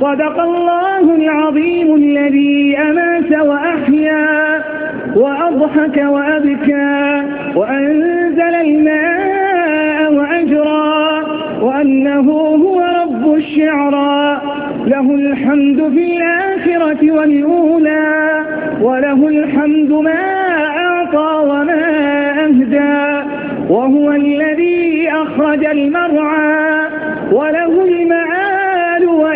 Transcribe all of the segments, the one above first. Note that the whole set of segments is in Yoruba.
صدق الله العظيم الذي أمات وأحيا وأضحك وأبكى وأنزل الماء وأجرى وأنه هو رب الشعرى له الحمد في الآخرة والأولى وله الحمد ما أعطى وما أهدى وهو الذي أخرج المرعى وله المعاني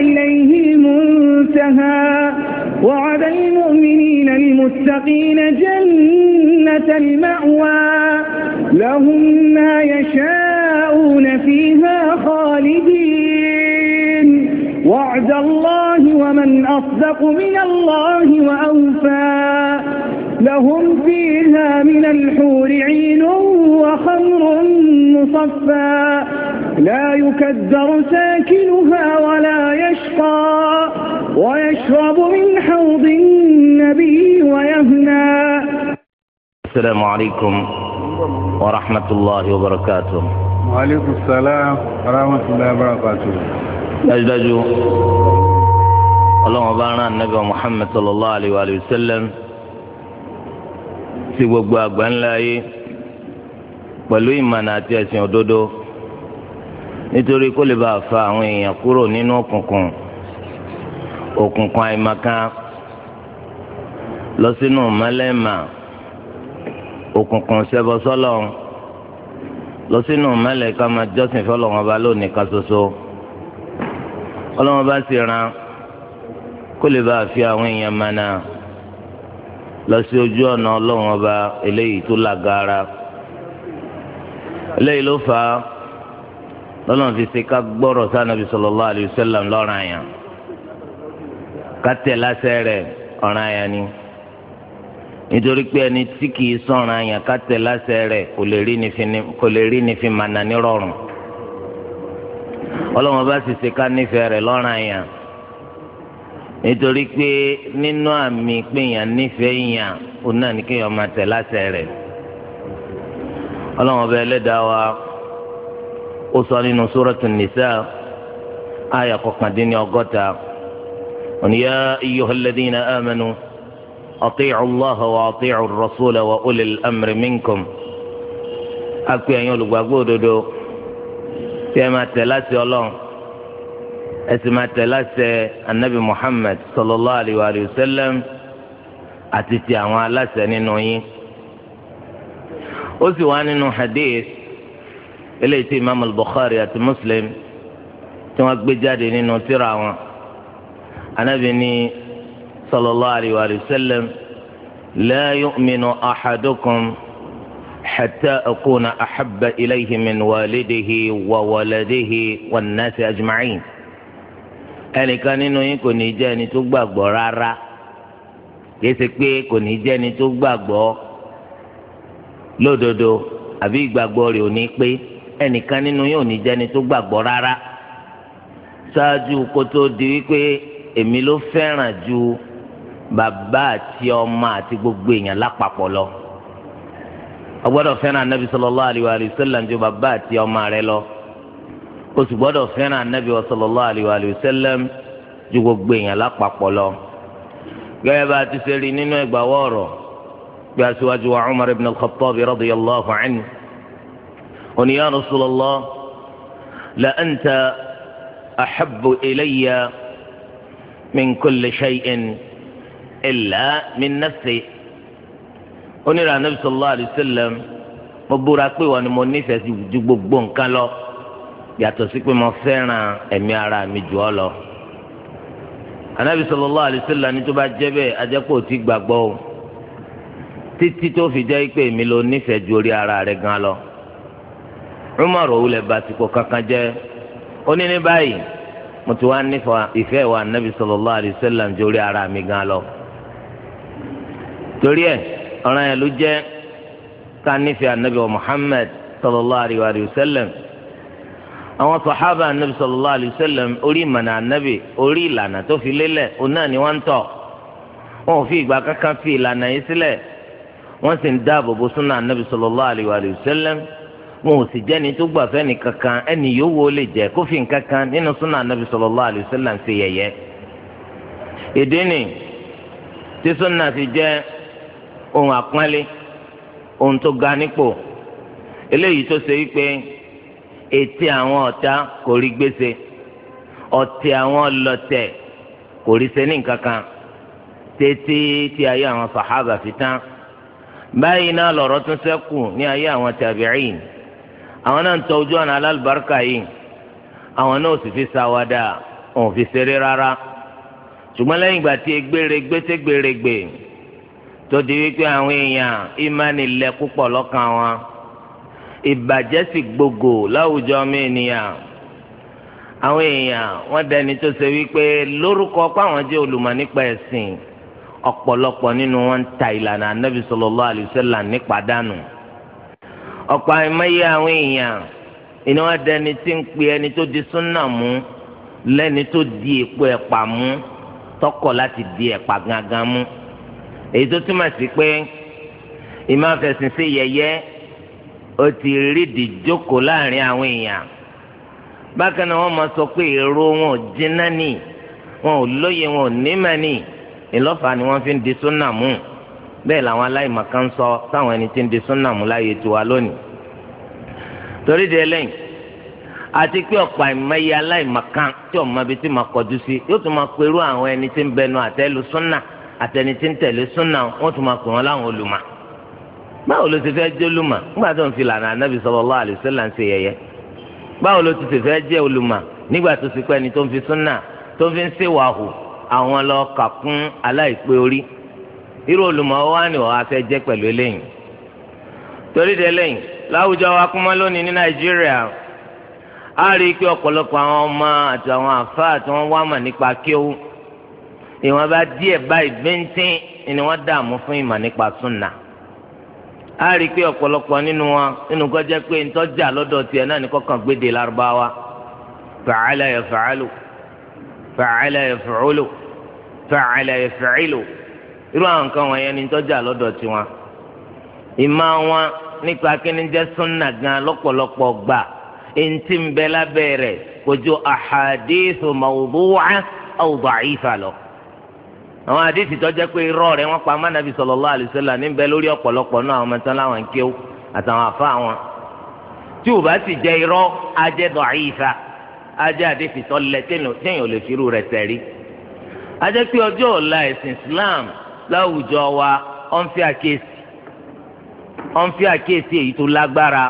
وإليه المنتهى وعد المؤمنين المتقين جنة المأوى لهم ما يشاءون فيها خالدين وعد الله ومن أصدق من الله وأوفى لهم فيها من الحور عين وخمر مصفى لا يكدر ساكنها ولا يشقى ويشرب من حوض النبي ويهنى السلام عليكم ورحمة الله وبركاته وعليكم السلام ورحمة الله وبركاته dájúdájú اللهم بارنا النبي محمد صلى الله عليه وآله وسلم sí gbogbo àgbáńlá ayé pẹ̀lú ìmọ̀nà àti ẹ̀sìn òdodo nítorí kó lè bàa fa àwọn èèyàn kúrò nínú òkùnkùn òkùnkùn àìmọ̀kan lọ sínú mọ́lẹ́mà òkùnkùn ṣẹbọsọ́lọ́ lọ sínú mọ́lẹ̀ ká máa jọ́sìn fọlọ́wọn ọba lónìí ká ṣoṣo ọlọ́wọ́n bá sì ran kó lè bàa fi àwọn èèyàn mọ̀nà lọ sí ojú ọ̀nà ọlọ́run ọba eléyìí tó lágara eléyìí ló fà á lọ́lọ́run fi ṣe ká gbọ́rọ̀ sí Ànábì sallallahu alayhi wa sallam lọ́ranyàn ká tẹ̀ láṣẹ rẹ̀ ọ̀ranyàn ni nítorí pé ẹni tí kìí sọ̀ranyàn ká tẹ̀ láṣẹ rẹ̀ kò lè rí ni fi mànà nírọ̀rùn ọlọ́run ọba sì ṣe ká nífẹ̀ẹ́ rẹ̀ lọ́ranyàn nítorí pé nínú àmì péyàn nífẹ̀ẹ́ yàn ó náà ní kéèyàn máa tẹ̀ láṣẹ rẹ̀ ọlọ́run ọba ẹlẹ́dàá wa ó sọ nínú sóràtù nìsá àyà kọkàndínní ọgọ́ta òní yá ayyuhal ladhina amanu ati'u allaha wa ati'u ar wa ulil amri minkum á pé olùgbàgbọ́ òdodo tí máa tẹ̀ láṣẹ ọlọ́run. ẹsìmá tẹ̀láṣẹ anabi muhammed sallallahu alayhi wa sallam àti ti àwọn aláṣẹ nínú yín ó sì wá nínú hadith eléyìí tí imaamu al-bukhari àti muslim tí wọ́n gbé jáde nínú tírà wọn anabi ni sallallahu alayhi wa sallam la yu'minu ahadukum hatta akuna ahabba ilayhi min walidihi wa waladihi wan nasi ajma'in. ẹnìkan nínú yín kò ní jẹ́ ẹni tó gbàgbọ́ rárá kìí ṣe pé kò ní jẹ́ ẹni tó gbàgbọ́ lódodo àbí ìgbàgbọ́ rẹ̀ ò ní pé ẹnìkan nínú yín ò ní jẹ́ ẹni tó gbàgbọ́ rárá ṣáájú kó tó di wípé èmi ló fẹ́ràn ju bàbá àti ọmọ àti gbogbo èèyàn lápapọ̀ lọ ọgbọ́dọ̀ fẹ́ràn anabi sallallahu alaihi wa ju bàbá àti ọmọ rẹ lọ. o sì gbọ́dọ̀ fẹ́ràn anabi wa sallallahu alayhi wa sallam ju gbogbo èèyàn lápapọ̀ lọ. gẹ́gẹ́ bá a ti ṣe rí nínú ẹgbà wọ́ọ̀rọ̀ bí a ṣíwájú wa umar ibn al-khattab radiyallahu anhu oní ya rasulallah la anta ahabbu ilayya min kulli shay'in illa min nafsi. onírànàbí sallallahu alayhi wa sallam mo búra pé wọn ni mo nífẹ̀ẹ́ ju gbogbo nǹkan lọ. yàtọ̀ sí pé mo fẹ́ràn ẹ̀mí ara mi jù ọ lọ. anabi sallallahu alaihi wasallam ní tó bá jẹ́ bẹ́ẹ̀ ajẹ́pọ̀ tí gbàgbọ́ o títí tó fi jẹ́ pé èmi ló nífẹ̀ẹ́ ju orí ara rẹ̀ gan lọ. Umar òwúlẹ̀ bàtìkọ̀ kankan jẹ́ ó ní ní báyìí mo ti wá nífẹ̀ẹ́ ìfẹ́ wa anabi sallallahu alaihi wasallam ju orí ara mi gan lọ. torí ẹ̀ ọ̀ràn yẹn ló jẹ́ ká nífẹ̀ẹ́ anabi wa Muhammad sallallahu alaihi wasallam. àwọn sọ̀hábà anabi sallallahu alayhi wa sallam orí ìmọ̀nà anabi orí ìlànà tó fi lélẹ̀ òun náà ni wọ́n ń tọ̀ wọn ò fi ìgbà kankan fi ìlànà yìí sílẹ̀ wọ́n sì ń dáàbò bo súnà anabi sallallahu alayhi wa sallam wọn ò sì jẹ́ni tó gbà fẹ́ni kankan ẹni yòówó lè jẹ́ kó fi nkankan nínú súnà anabi sallallahu alayhi wa sallam ṣe yẹ̀yẹ́ èdè ni tí súnà ti jẹ́ ohun àpọ́nlé ohun tó ga nípò eléyìí tó ṣe wípé ètè àwọn ọ̀tá kò rí gbèsè ọ̀tẹ̀ àwọn ọlọ́tẹ̀ kò rí sẹ́ni kankan tètè tí ayé àwọn sàhábà fi tán báyìí náà lọ̀rọ̀ tún ṣẹ́kù ní ayé àwọn tàbíìn àwọn náà ń tọ ojú ọ̀nà alálùbáríkà yìí àwọn náà sì fi ṣàwádà òun fi ṣeré rárá ṣùgbọ́n lẹ́yìn ìgbà tí egbèrègbè tẹ́ gbèrègbè tó di wípé àwọn èèyàn ìmánilẹ̀ púpọ̀ lọ́kàn wọn. ìbàjẹ́ sì gbogbo láwùjọ ọmọ àwọn èèyàn wọ́n dẹni tó ṣe wípé lórúkọ páwọn jẹ́ olùmọ̀ nípa ẹ̀sìn ọ̀pọ̀lọpọ̀ nínú wọn ta ìlànà anábì sallallahu alaihi wasallam nípa dànù ọ̀pọ̀ àìmọye àwọn èèyàn ìní wọn dẹni tí ń pe ẹni tó di súnà mú lẹ́ni tó di èpo ẹ̀pà mú tọkọ̀ láti di ẹ̀pà gangan mú èyí tó túmọ̀ sí pé ó ti rídìí jókòó láàrin àwọn èèyàn bákan náà wọ́n máa sọ pé èrò wọn ò jiná nì wọn ò lóye wọn ò nímọ̀ nì ìlọ́fà ni wọ́n fi ń di súnà mú bẹ́ẹ̀ làwọn aláìmọ̀kan sọ táwọn ẹni tí ń di súnà mú láàyè tiwa lónìí torí de lẹ́yìn àti pé ọ̀pọ̀ àìmọye aláìmọ̀kan tí ọ̀ma bíi ti máa kọjú sí yóò tún máa perú àwọn ẹni tí ń bẹnu àtẹ́lu súnà àtẹni tí ń tẹ̀lé súnà wọ́n tún máa pè wọ́n láwọn olùmọ̀ báwo ló ti fẹ́ jẹ́ olùmọ̀ nígbà tó ń fi lànà anábì sallallahu alaihi wasallam ń ṣe yẹ̀yẹ́ báwo ló ti ti fẹ́ jẹ́ olùmọ̀ nígbà tó ti pẹ́ ni tó ń fi súnà tó ń fi ń ṣèwàhù àwọn lọ kà kún aláìpé orí irú olùmọ̀ wa ni wọ́n á fẹ́ jẹ́ pẹ̀lú eléyìí torí de eléyìí láwùjọ wa kúmọ́ lónìí ní nàìjíríà á rí i pé ọ̀pọ̀lọpọ̀ àwọn ọmọ àti àwọn àfáà tí wọ́n wá mà nípa kéwú ìwọ̀n bá díẹ̀ báyìí bíntín ni wọ́n dààmú fún ìmọ̀ nípa súnà á rí i pé ọ̀pọ̀lọpọ̀ nínú wa nínú kọ́ jẹ́ pé ntọ́jà lọ́dọ̀ tiẹ̀ náà ní kọ́kàn gbéde lárúbáwá fa'ala yaf'alu fa'ala yaf'ulu fa'ala yaf'ilu irú àwọn nǹkan wọ̀nyẹn ní ntọ́jà lọ́dọ̀ tiwọn. ìmọ̀ wọn nípa kíni jẹ́ súnà gan lọ́pọ̀lọpọ̀ gbà eŋti ń bẹ lábẹ́ rẹ̀ àwọn àdìsí tó jẹ́ pé irọ́ rẹ̀ wọ́n pa mánàbí sallallahu alaihi wasallam níbẹ̀ lórí ọ̀pọ̀lọpọ̀ náà àwọn mẹ́tàn láwọn kéw àtàwọn afá wọn tí ò bá sì jẹ́ irọ́ ajẹ́ dọ̀ọ́yìífa ajẹ́ àdìsí tó lẹ téèyàn lè firú rẹ̀ tẹ̀rí. ajẹ́ pé ọjọ́ ọ̀la ẹ̀sìn Islam láwùjọ wa ọ̀n fi àkíyèsí ọ̀n fi àkíyèsí èyí tó lágbára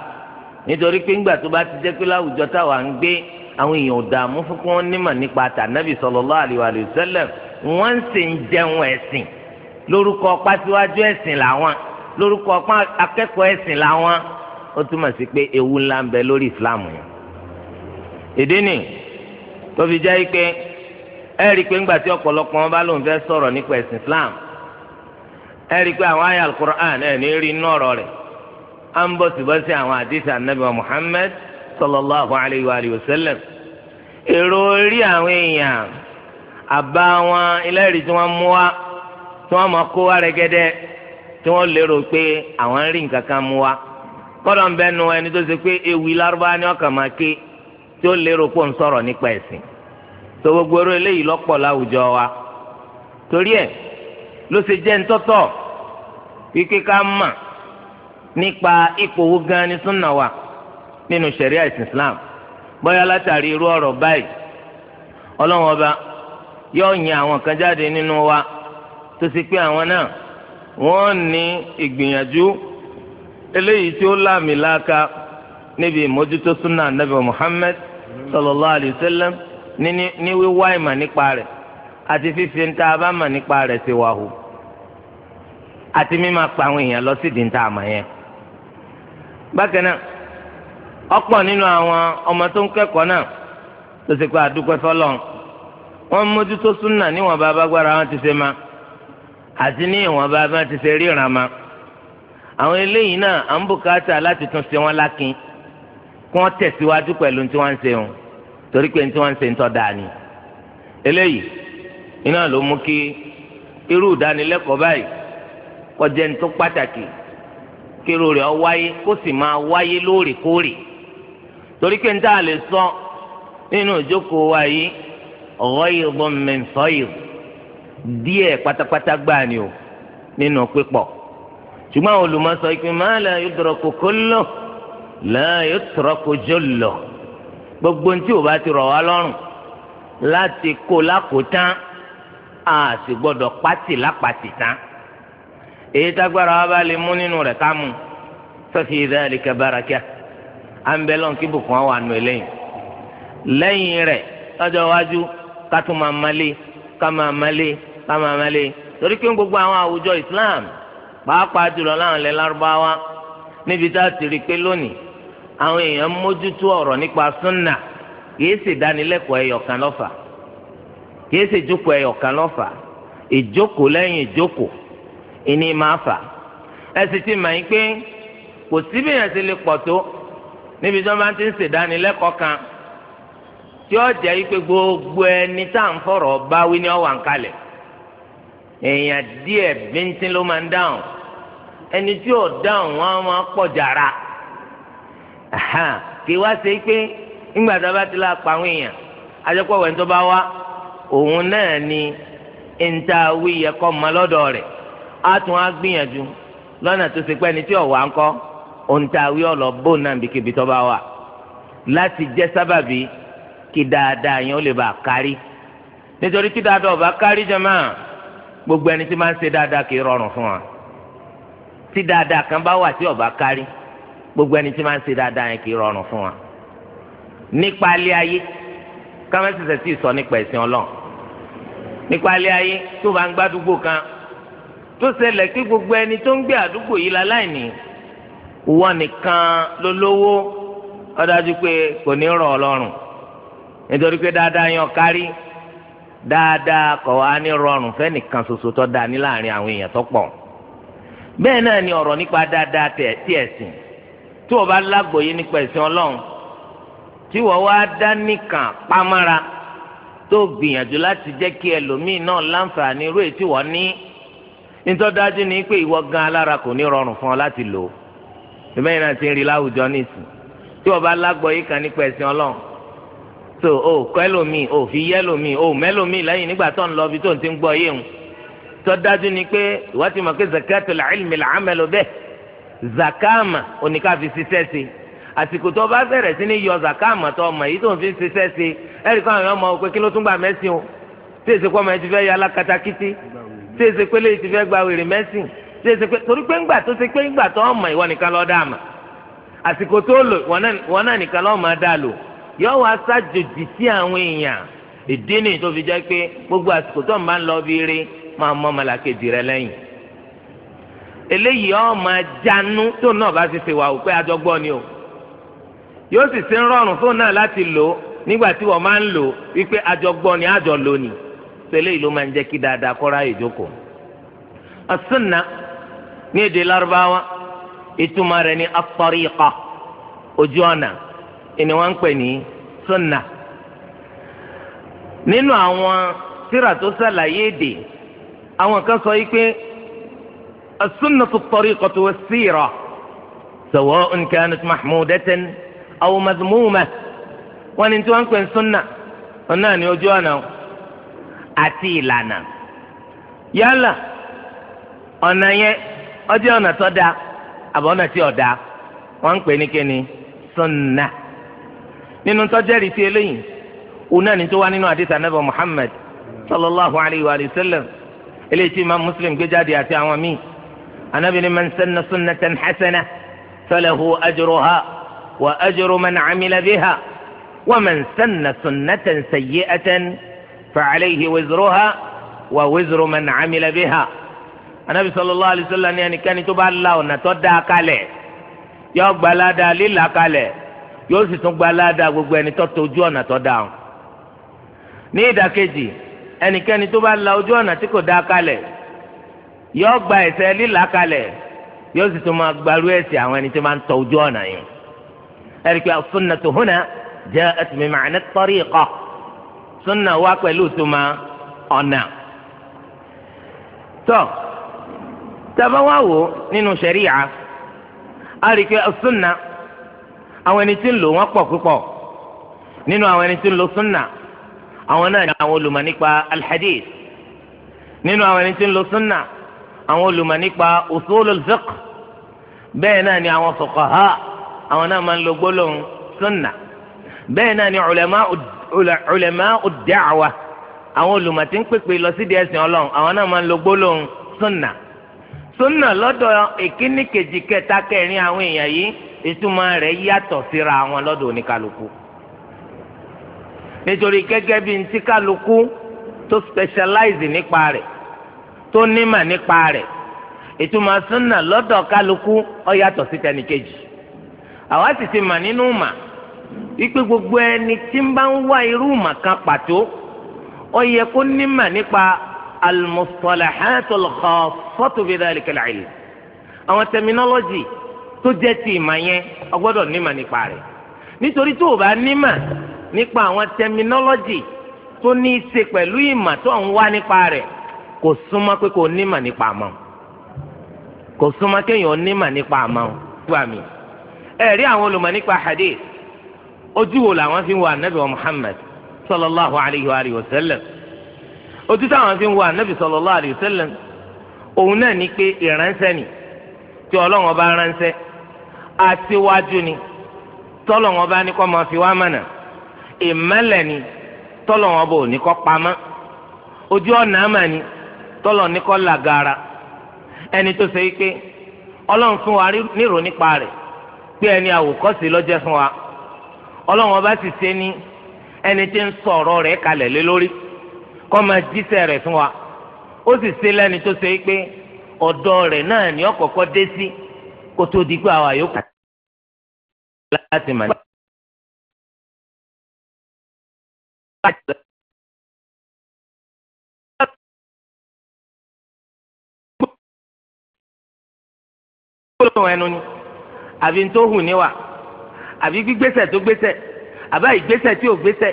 nítorí pé ńgbà tó bá ti jẹ́ pé láwùjọ táwa ń gbé àwọn èèyàn ò alaihi wasallam wọ́n ń sè ń jẹun ẹ̀sìn lórúkọ pàṣíwájú ẹ̀sìn làwọn lórúkọ akẹ́kọ̀ọ́ ẹ̀sìn làwọn ó túmọ̀ sí pé ewu ńlá ń bẹ lórí islam yẹn. ìdí ni tó fi jẹ́ pé ẹ rí i pé ńgbà tí ọ̀pọ̀lọpọ̀ wọn bá lóun fẹ́ sọ̀rọ̀ nípa ẹ̀sìn islam ẹ rí i pé àwọn àyà alukur'an ẹ̀ ní rí inú ọ̀rọ̀ rẹ̀ à ń bọ̀ síbọ̀sí àwọn àdìsí anabi wa muhammed sallallahu alayhi wa sallam èrò orí àwọn èèyàn àbá wọn ẹlẹ́rìí tí wọ́n mú wá tí wọ́n mọ̀ kó wá rẹ́gẹ́dẹ́ tí wọ́n lérò pé àwọn ń rí mú wa. kọ́dọ̀ ń ẹni tó ṣe pé ewì lárúbá ni ọkàn máa ké tí ó lérò ń sọ̀rọ̀ nípa ẹ̀sìn wa torí ẹ̀ ló ṣe jẹ́ ńtọ́tọ̀ ká mà Islam látàrí irú ọ̀rọ̀ báyìí yóò yan àwọn kan jáde nínú wa tó sì pé àwọn náà wọn ní ìgbìyànjú eléyìí tí ó láàmì láaka níbi ìmójútó súnà nàbẹ Muhammad sallallahu alayhi wa sallam ní wíwá ìmọ̀ nípa rẹ̀ àti fífi ń ta abá nípa rẹ̀ wa hù àti pa àwọn èèyàn lọ ń ta yẹn. ọmọ tó ń kẹ́kọ̀ọ́ náà tó wọ́n mójútó súnà níwọ̀nba abágbára wọn ti ṣe ma àti ní ìwọ̀nba wọn ti ṣe ríran ma àwọn eléyìí náà à ń bùkátà láti tún ṣe wọn lákin kí wọ́n tẹ̀síwájú pẹ̀lú tí wọ́n ń ṣe wọn torí pé tí wọ́n ń ṣe ń tọ́ da ni eléyìí iná ló mú kí irú ìdánilẹ́kọ̀ọ́ báyìí kọjá ní tó pàtàkì kí irú rẹ̀ wáyé kó sì máa wáyé lóòrèkóòrè torí pé ń tá lè sọ nínú ìjókòó wa yìí ghaydun min fayd díẹ̀ pátápátá gbáà ni o nínú pípọ̀ ṣùgbọ́n àwọn olùmọ̀sọ ìpín ma la yudraku kullu la yutraku jullu gbogbo ntí o bá ti rọ̀ wá lọ́rùn láti kó lákòótán a sì gbọ́dọ̀ pátì lápàtì tán èyí tágbára wa bá lè mú nínú rẹ̀ ká mú fa fi dhalika barakah à ń bẹ lọ́n lẹ́yìn rẹ̀ lọ́jọ́ iwájú ká tún máa malé ká máa malé ká máa malé torí pé gbogbo àwọn àwùjọ Islam pàápàá jùlọ láwọn ilẹ̀ lárúbáwá níbi tá a ti rí i pé lónìí àwọn èèyàn mójútó ọ̀rọ̀ nípa súnà kìí sì dánilẹ́kọ̀ọ́ ẹyọ̀kan lọ́fà kìí sì jókòó ẹyọ̀kan lọ́fà ìjókòó lẹ́yìn ìjókòó ìní máa fà ẹ sì ti mọ̀ yín pé kò síbìyàn ti lè pọ̀ tó níbi tí wọ́n bá ti ń ṣèdánilẹ́kọ̀ọ́ kan tí ó jẹ́ wípé gbogbo ẹni tá à ń fọ̀rọ̀ báwí ni ó wà ń kalẹ̀ èèyàn díẹ̀ bíntín ló máa ń dáhùn ẹni tí ò dáhùn wọn máa pọ̀ jàrá kì í wá ṣe pé ńgbà tá a bá ti pa àwọn èèyàn ajẹ́pọ̀ wẹ̀ tó bá wá òun náà ni níta wí yẹ kọ́ ẹni tí ò wá ń kọ́ òun ta wí ọ̀lọ́ náà bíkíbi tó bá kí dáadáa yẹn ó lè bá a kárí nítorí tí dáadáa ọba kárí jàmáà gbogbo ẹni tí máa ń ṣe dáadáa kì í rọrùn fún wa tí dáadáa kan bá wà tí ọba kárí gbogbo ẹni tí máa ń ṣe dáadáa yẹn kì í rọrùn fún wa nípa alẹ́ ayé kámẹ́sìsẹ́ sì sọ nípa ẹ̀sìn ọlọ́run nípa alẹ́ ayé tó bá ń gbádùgbò kan tó ṣẹlẹ̀ kí gbogbo ẹni tó ń gbé àdúgbò yìí la láì ní ìwọ nìkan lólówó ó pé kò ní rọ̀ ọlọ́run nítorí pé dáadáa yan kárí dáadáa kọ̀ wá ní rọrùn fẹ́nìkan ṣoṣo tó dáa ní láàrin àwọn èèyàn tó pọ̀ bẹ́ẹ̀ náà ni ọ̀rọ̀ nípa dáadáa tẹ̀ tí ẹ̀sìn tí wọ́n bá lágbòye nípa ẹ̀sìn ọlọ́run tí wọ́n wá dá nìkan pamọ́ra tó gbìyànjú láti jẹ́ kí ẹlòmíì náà láǹfààní irú èyí tí wọ́n ní nítọ́dájú ni pé ìwọ gan alára kò ní rọrùn fún ọ láti lò ó bẹ́ẹ̀ náà ti ń rí láwùjọ nísìn tí wọ́n bá lágbòye kan nípa ẹ̀sìn ọlọ́run so o kọ ẹlòmíì o fi yẹ ẹlòmíì o mẹlòmíì lẹ́yìn nígbà tó ń lọ ibi tó ń ti ń gbọ́ yé ń tó dájú ni pé ìwà ti mọ̀ pé zakatul ilmi làámẹ́lò bẹ́ẹ̀ zakama oníkàfi ṣiṣẹ́ sí àsìkò tó bá bẹ̀rẹ̀ sí ni yọ zakama tó ọmọ yìí tó ń fi ṣiṣẹ́ sí ẹ̀rí kan àwọn ọmọ òpè kí ló tún gbà mẹ́sìn o tí èsì pọ́ ọmọ yìí ti fẹ́ ya alákatakítí tí èsì pé lè ti fẹ́ gba wèrè mẹ́sìn tí èsì pé torí pé ńgbà tó ṣe pé ńgbà tó ọmọ ìwọ nìkan lọ́ọ́ dà yọ wá sájòjì sí àwọn èèyàn ìdí ni tó fi jẹ pé gbogbo àsìkò tó ń bá ń lọ bí rí máa mọ ọmọlàkejì rẹ lẹ́yìn eléyìí ọ máa tó náà bá ti ṣe wà o yóò sì ṣe ń rọrùn fóun náà láti lò ó nígbà tí wọ́n máa ń lò wípé ma ni àjọ lò ní máa ń kí dáadáa ni wọ́n ń pè ní sunna nínú àwọn tírà tó ṣàlàyé èdè àwọn kan sọ yìí pé as-sunnatu at-tariqatu was mahmudatan aw madhmumah wọ́n ní tí wọ́n ń pè ní sunna náà ní ojú ọ̀nà àti ìlànà yálà ọ̀nà yẹn ọjọ́ ọ̀nà tó dáa àbọ̀ ọ̀nà tí sunna. nínú tọ́jẹ́rì sí eléyìí òun náà ní tó wá nínú àdìsá nàbà muhammed sallallahu alayhi wa sallam eléyìí tí imam Muslim gbé jáde àti àwọn míì anabi ni man sanna sunnatan hasana falahu ajruha wa ajru man amila biha wa man sanna sunnatan sayyi'atan fa'alayhi wizruha wa wizru man amila biha anabi sallallahu alayhi wa sallam ni ẹnikẹ́ni tó bá la ọ̀nà tó dáa kalẹ̀ yọ gbalada la kalẹ̀. yóò sì tún gba gbogbo ẹni tó tọ ojú ọ̀nà tó dáa ní ìdàkejì ẹnikẹ́ni tó bá la ojú ọ̀nà tí kò dáa kalẹ̀ yóò gba ẹ̀ṣẹ̀ lílà kalẹ̀ yóò sì tún máa gbarú si àwọn ẹni tó máa ń tọ ojú ọ̀nà yìí ẹ̀rí pé sunnatu huna ja'at min ma'na at-tariqa sunna wá pẹ̀lú tó máa ọ̀nà tọ́ tàbá wo n'inu nínú ṣẹ̀ríyà á osuna. àwọn ẹni tí ń lò wọ́n pọ̀ púpọ̀ nínú àwọn ẹni tí ń lo sunna àwọn náà ni àwọn olùmọ̀ nípa alhadith nínú àwọn ẹni tí ń lo sunna àwọn olùmọ̀ nípa usulul fiqh bẹ́ẹ̀ náà ni àwọn fuqaha àwọn náà máa ń lo gbólóhùn sunna bẹ́ẹ̀ náà ni ulama'u ad-da'wa àwọn olùmọ̀ tí ń pèpè lọ sí díẹ̀ sìn ọlọ́run àwọn náà máa ń lo gbólóhùn sunna sunna lọ́dọ̀ èkíní kẹta kẹrin àwọn èèyàn yìí ìtumọ̀ rẹ̀ yàtọ̀ síra wọn lọ́dọ̀ oníkálukú nítorí gẹ́gẹ́ bí ntí kálukú tó specialize nípa rẹ̀ tó nímọ̀ nípa rẹ̀ ìtumọ̀ súnà lọ́dọ̀ kálukú ọ yàtọ̀ sí tẹnìkejì àwa sì ti mà nínú mà wípé gbogbo ẹni tí ń bá ń wá irú mà kan pàtó ó yẹ kó nímọ̀ nípa al-mustalahatul khassatu bi àwọn terminology. tó jẹ́ ti ìmọ̀ yẹn o gbọ́dọ̀ nímọ̀ nípa rẹ̀ nítorí tó o bá nímọ̀ nípa àwọn tẹminọ́lọ́jì tó ní í ṣe pẹ̀lú ìmọ̀ tó ń wá nípa rẹ̀ kò súnmọ́ pé kò nímọ̀ nípa àmọ́ kò súnmọ́ kéèyàn nímọ̀ nípa àmọ́ gbà anabi Muhammad sallallahu alayhi wa sallam ojú táwọn anabi sallallahu alayhi wa sallam òun ni tí ọlọ́run ọba ránṣẹ́ asiwaju ni bá ní máa fi wá mọ̀nà ìmọ̀lẹ̀ ni tọ́lọ̀ bò ní kó pamọ́ ojú ọ̀nà àmà ni tọ́lọ̀ ní kó làgàrà ẹni tó ṣe pé ọlọ́run fún wa nírò nípa rẹ̀ pé ẹni àwòkọ́sí lọ́jẹ́ fún wa ọlọ́run ọba sì ṣe ní ẹni tí ń sọ rẹ̀ kalẹ̀ lé lórí kó máa jíṣẹ́ rẹ̀ fún wa ó sì ṣe lẹ́ni tó ṣe ni ọ̀kọ̀ọ̀kọ̀ dé Si kó tó di pé àwa yóò kà láti mà ní. gbólóhùn ẹnu ni àbí tó hù níwà àbí gbígbésẹ̀ tó gbésẹ̀ àbá ìgbésẹ̀ tí ò gbésẹ̀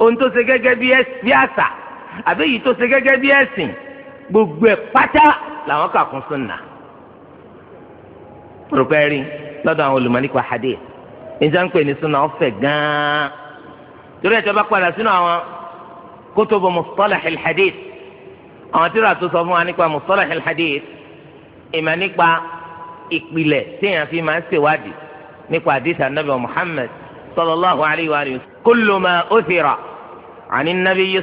ohun tó ṣe gẹ́gẹ́ bí àṣà àbí èyí tó ṣe gẹ́gẹ́ bí ẹ̀sìn gbogbo ẹ̀ pátá làwọn kà kún sùn náà. rògbẹ́ rí lọ́dọ̀ àwọn olùmọ̀ nípa hadith níta ń pè ní súnà ọ̀fẹ́ gan-an torí ẹ̀tọ́ bá padà sínú àwọn kutubu mustalah al-hadith àwọn tíra tó sọ fún wa nípa mustalah al-hadith ìmọ̀ nípa ìpìlẹ̀ téèyàn fi máa ń ṣèwádìí nípa àdìsá anabi muhammed sallallahu alayhi wa alihi kullu ma uthira عن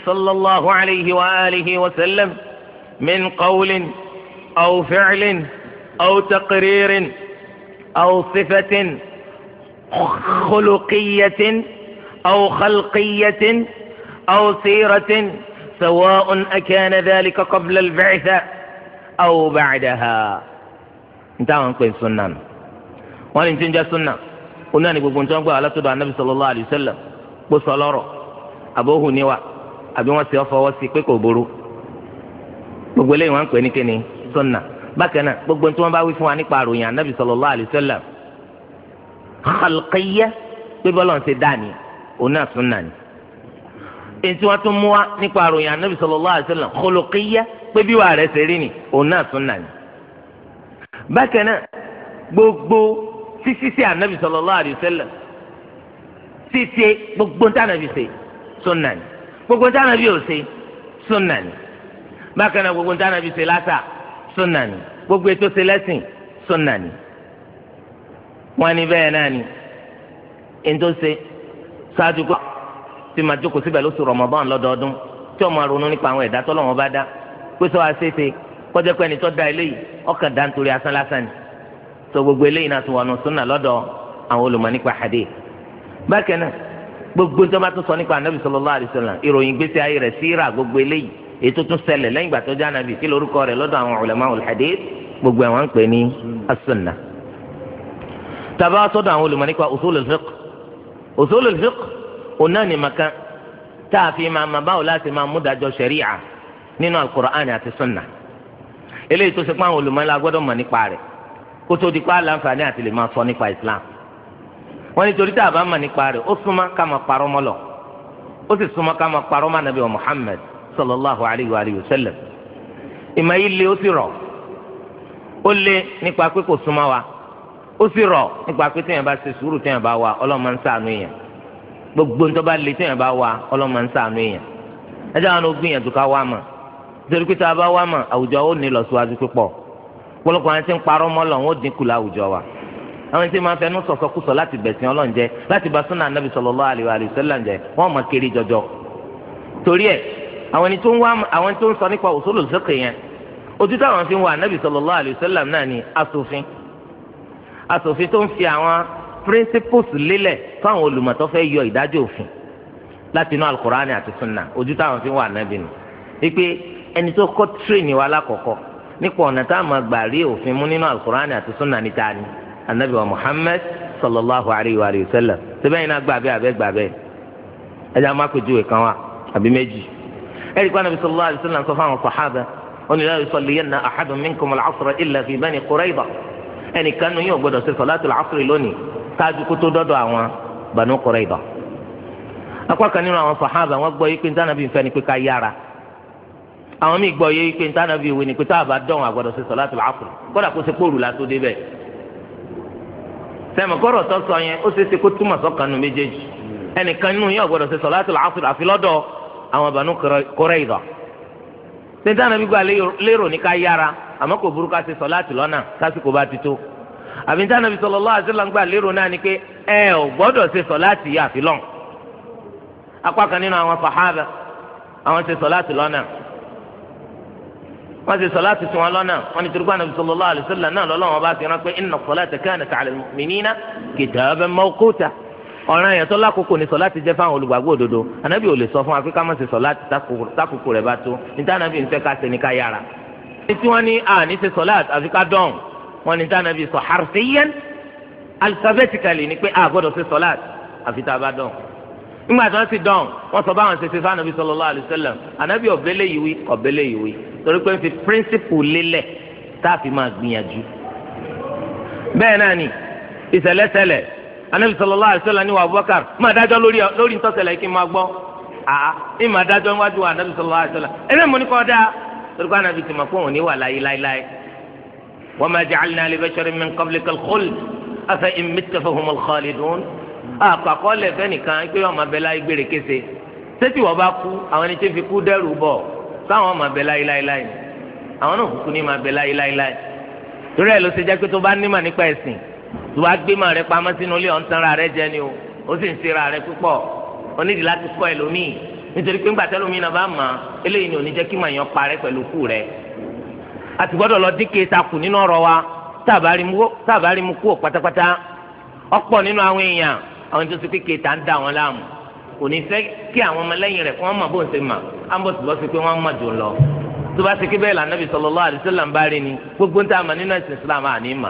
sallallahu alayhi wa alayhi wa sallam min قول aw فعل aw تقرير أو صفة خلقية أو خلقية أو سيرة سواء أكان ذلك قبل البعثة أو بعدها انتهى عن قيل سنة وان انتهى سنة قلنا نبو قنطان قال على سنة صلى الله عليه وسلم قصال رو أبوه نوا أبوه سيوفا وسيقه قبرو بقوله وان قيل سنة bákan náà gbogbo tí wọ́n bá wí fún wa nípa àròyìn anabi sallallahu alayhi wa sallam khalqiyya pé bọ́lọ̀ ń ṣe dá ni òun náà sún náà ni ètí wọ́n tún mú wa nípa àròyìn anabi sallallahu alayhi wa sallam khuluqiyya pé bí wà rẹ̀ ṣe rí ni òun náà sún náà ni bákan náà gbogbo títí sí anabi sallallahu alayhi títí gbogbo tí anabi ṣe sún náà ni gbogbo tí anabi ò ṣe sún náà ni bákan náà gbogbo tí anabi ṣe lásà sunna ni gbogbo eto ṣe lẹ́sìn sunna ni wọ́n ní náà ni èyí tó ṣe ṣáájú kó ti máa jókòó síbẹ̀ lóṣù Ramadan lọ́dọọdún tí ọmọ ronú nípa àwọn ẹ̀dá tọ́lọ́wọ́n bá dá pé sọ àṣeṣe kọjá pé ẹni tó da eléyìí ọkàn dá nítorí asán lásán ni tó gbogbo eléyìí náà tún wọnú sunna lọ́dọ̀ àwọn olùmọ̀ nípa náà gbogbo tó sọ nípa ìròyìn gbèsè ayé rẹ̀ ètò tún ṣẹlẹ̀ lẹ́yìn ìgbà tó jẹ́ ànábì kí lórúkọ rẹ̀ lọ́dọ̀ àwọn ulama al-hadith gbogbo ẹ̀ wọ́n ń pè ní as-sunnah. tàbá sọ́dọ̀ àwọn olùmọ̀ nípa usul al-fiqh usul al-fiqh òun náà ní makan tá a fi máa máa báwo láti máa mú dájọ́ ṣẹ̀ríà nínú al-Qur'an àti sunnah. eléyìí tó ṣe pé àwọn olùmọ̀ la mọ̀ nípa rẹ̀ kó tó di pa láǹfààní sallallahu alayhi wa sallam ìmọ̀ yìí le ó sì rọ̀ ó lé nípa pé kò súnmọ́ wa ó sì rọ̀ nípa pé téèyàn bá ṣe sùúrù téèyàn bá wa ọlọ́run máa ń ṣàánú èèyàn gbogbo ń tó bá le téèyàn bá wa ọlọ́run máa ń ṣàánú èèyàn ẹjọ́ àwọn ó gbìyànjú ká wá mà nítorí pé tá a bá wá mà àwùjọ ó ní lọ síwájú pípọ̀ pọ̀lọpọ̀ àwọn tí ń parọ́ mọ́ lọ wọn ó dínkù láwùjọ wa àwọn tí máa fẹnu sọ̀sọ̀kúsọ láti bẹ̀sìn ọlọ́run jẹ́ láti bá súnà anábì sallallahu alaihi wa sallam jẹ́ wọ́n mọ̀ kéré jọjọ torí ẹ̀ àwọn ẹni tó ń wá àwọn tó ń sọ nípa usulul fiqh yẹn ojú táwọn fi ń wá anabi sallallahu alayhi wa sallam náà ni asòfin asòfin tó ń fi àwọn principles lélẹ̀ fáwọn olùmọ̀tọ́ fẹ́ yọ ìdájọ́ òfin láti inú alukur'ani àti sunna ojú táwọn fi ń wá anabi nù wípé ẹni tó kọ́ tírénì wa lákọ̀ọ́kọ́ nípa ọ̀nà tá máa gbà rí òfin mú nínú alukur'ani àti sunna ní ta ni anabi wa muhammad sallallahu alayhi wa sallam síbẹ̀ yìí náà gbàgbé àbẹ́ gbàgbé ẹ̀dá má ẹ̀rí kan nàbí sallallahu alaihi wasallam sọ fáwọn sàhábà ó ní la yusalliyanna ahadun minkum al-asra illa fi bani Qurayza ẹnìkan nínú yóò gbọdọ̀ ṣe salatul asri lónìí káàdù kótó dọ́dọ̀ àwọn banu Qurayza. apá kan nínú àwọn sàhábà wọn gbọ́ yípe ntànàbí nfẹ́ ni pé ká yára àwọn míì gbọ́ yípe ntànàbí ìwé ni pé tá a bá dọ̀n àgbọ̀dọ̀ ṣe salatul asri kódà kó ṣe kóòrù látó débẹ̀ sẹ́mi kọ́rọ̀ tó sọ yẹn ó ṣeé kó túmọ̀ sọ́kànnù àwọn Banu Qurayza sèǹtà nàbí gba lérò ní ká yára àmọ́ kò burú ká ṣe sọ̀láàtì lọ́nà kásìkò bá ti tó àbí sèǹtà nàbí sallallahu alaihi wasallam gba lérò náà ni pé ẹ ò gbọ́dọ̀ ṣe sọ̀láàtì yà fi lọ́n apá kan nínú àwọn sàhábà àwọn ṣe sọ̀láàtì lọ́nà wọ́n ṣe sọ̀láàtì tí wọ́n lọ́nà wọ́n ní turugba nàbí sallallahu alaihi wasallam náà lọ́lọ́wọ́n bá ti rán pé inna salata kanat ala al-mu'minina kitaban mawquta ọ̀ràn yẹn tó lákòókò ni sọláàtì jẹ́ fáwọn olùgbàgbọ́ òdodo ànábì ò lè sọ fún wa pé ká má ṣe sọláàtì tákòókò rẹ̀ bá tó níta ànábì ń fẹ́ ká ṣe ní ká yára. ní tí wọ́n ní à ní ṣe sọláàtì àfi ká dán wọn níta ànábì sọ harfiyan alifabẹtikali ni pé a gbọ́dọ̀ ṣe sọláàtì àfi tá a bá dán. nígbà tí wọ́n ti dán wọ́n sọ báwọn ṣe ṣe fún ànábì sallallahu anabi sallallahu alaihi wasallam ní wa abubakar má dájọ́ lórí lórí ntọ́sẹ̀lẹ̀ kí n máa gbọ́ àá ní má dájọ́ níwájú wa anabi sallallahu alaihi wasallam ẹ̀rẹ́ mọ̀ ní kọ́ dáa torí kó anabi ti mọ̀ fún òun ní wà láyé láéláé wa ma ja'alna li basharin min qablikal khuld afa in mitta fahumul khalidun àkọ́kọ́ lẹ̀ fẹ́ nìkan pé wọ́n máa bẹ láyé gbére kése sẹ́tì wọ́n bá kú àwọn ẹni tí fi kú dẹ́rù bọ̀ sáwọn máa bẹ tó wàá gbé màá rẹ pamọ́ sínú ilé ọ̀hún tanra rẹ jẹ ni o ó sì ń sera rẹ púpọ̀ ó nídìí láti kọ́ ẹlòmíì nítorí pé ńgbà tẹ́lómìnà bá mọ̀ eléyìí ni ò ní jẹ́ kí màá yan parẹ́ pẹ̀lú kù rẹ àti gbọ́dọ̀ lọ dín kéta kù nínú ọ̀rọ̀ wa tábàárí mu kú ò pátápátá ọ̀pọ̀ nínú àwọn èèyàn àwọn tó ti pé kéta ń dà wọn láàmú kò ní fẹ́ kí àwọn ọmọlẹ́yìn rẹ̀ kí wọ́n mọ̀ bó ń ṣe mà á ń bọ̀ sí bọ́sí pé wọ́n mọ̀ jù lọ tó bá ti kí bẹ́ẹ̀ lànà bí sallallahu alaihi wasallam ń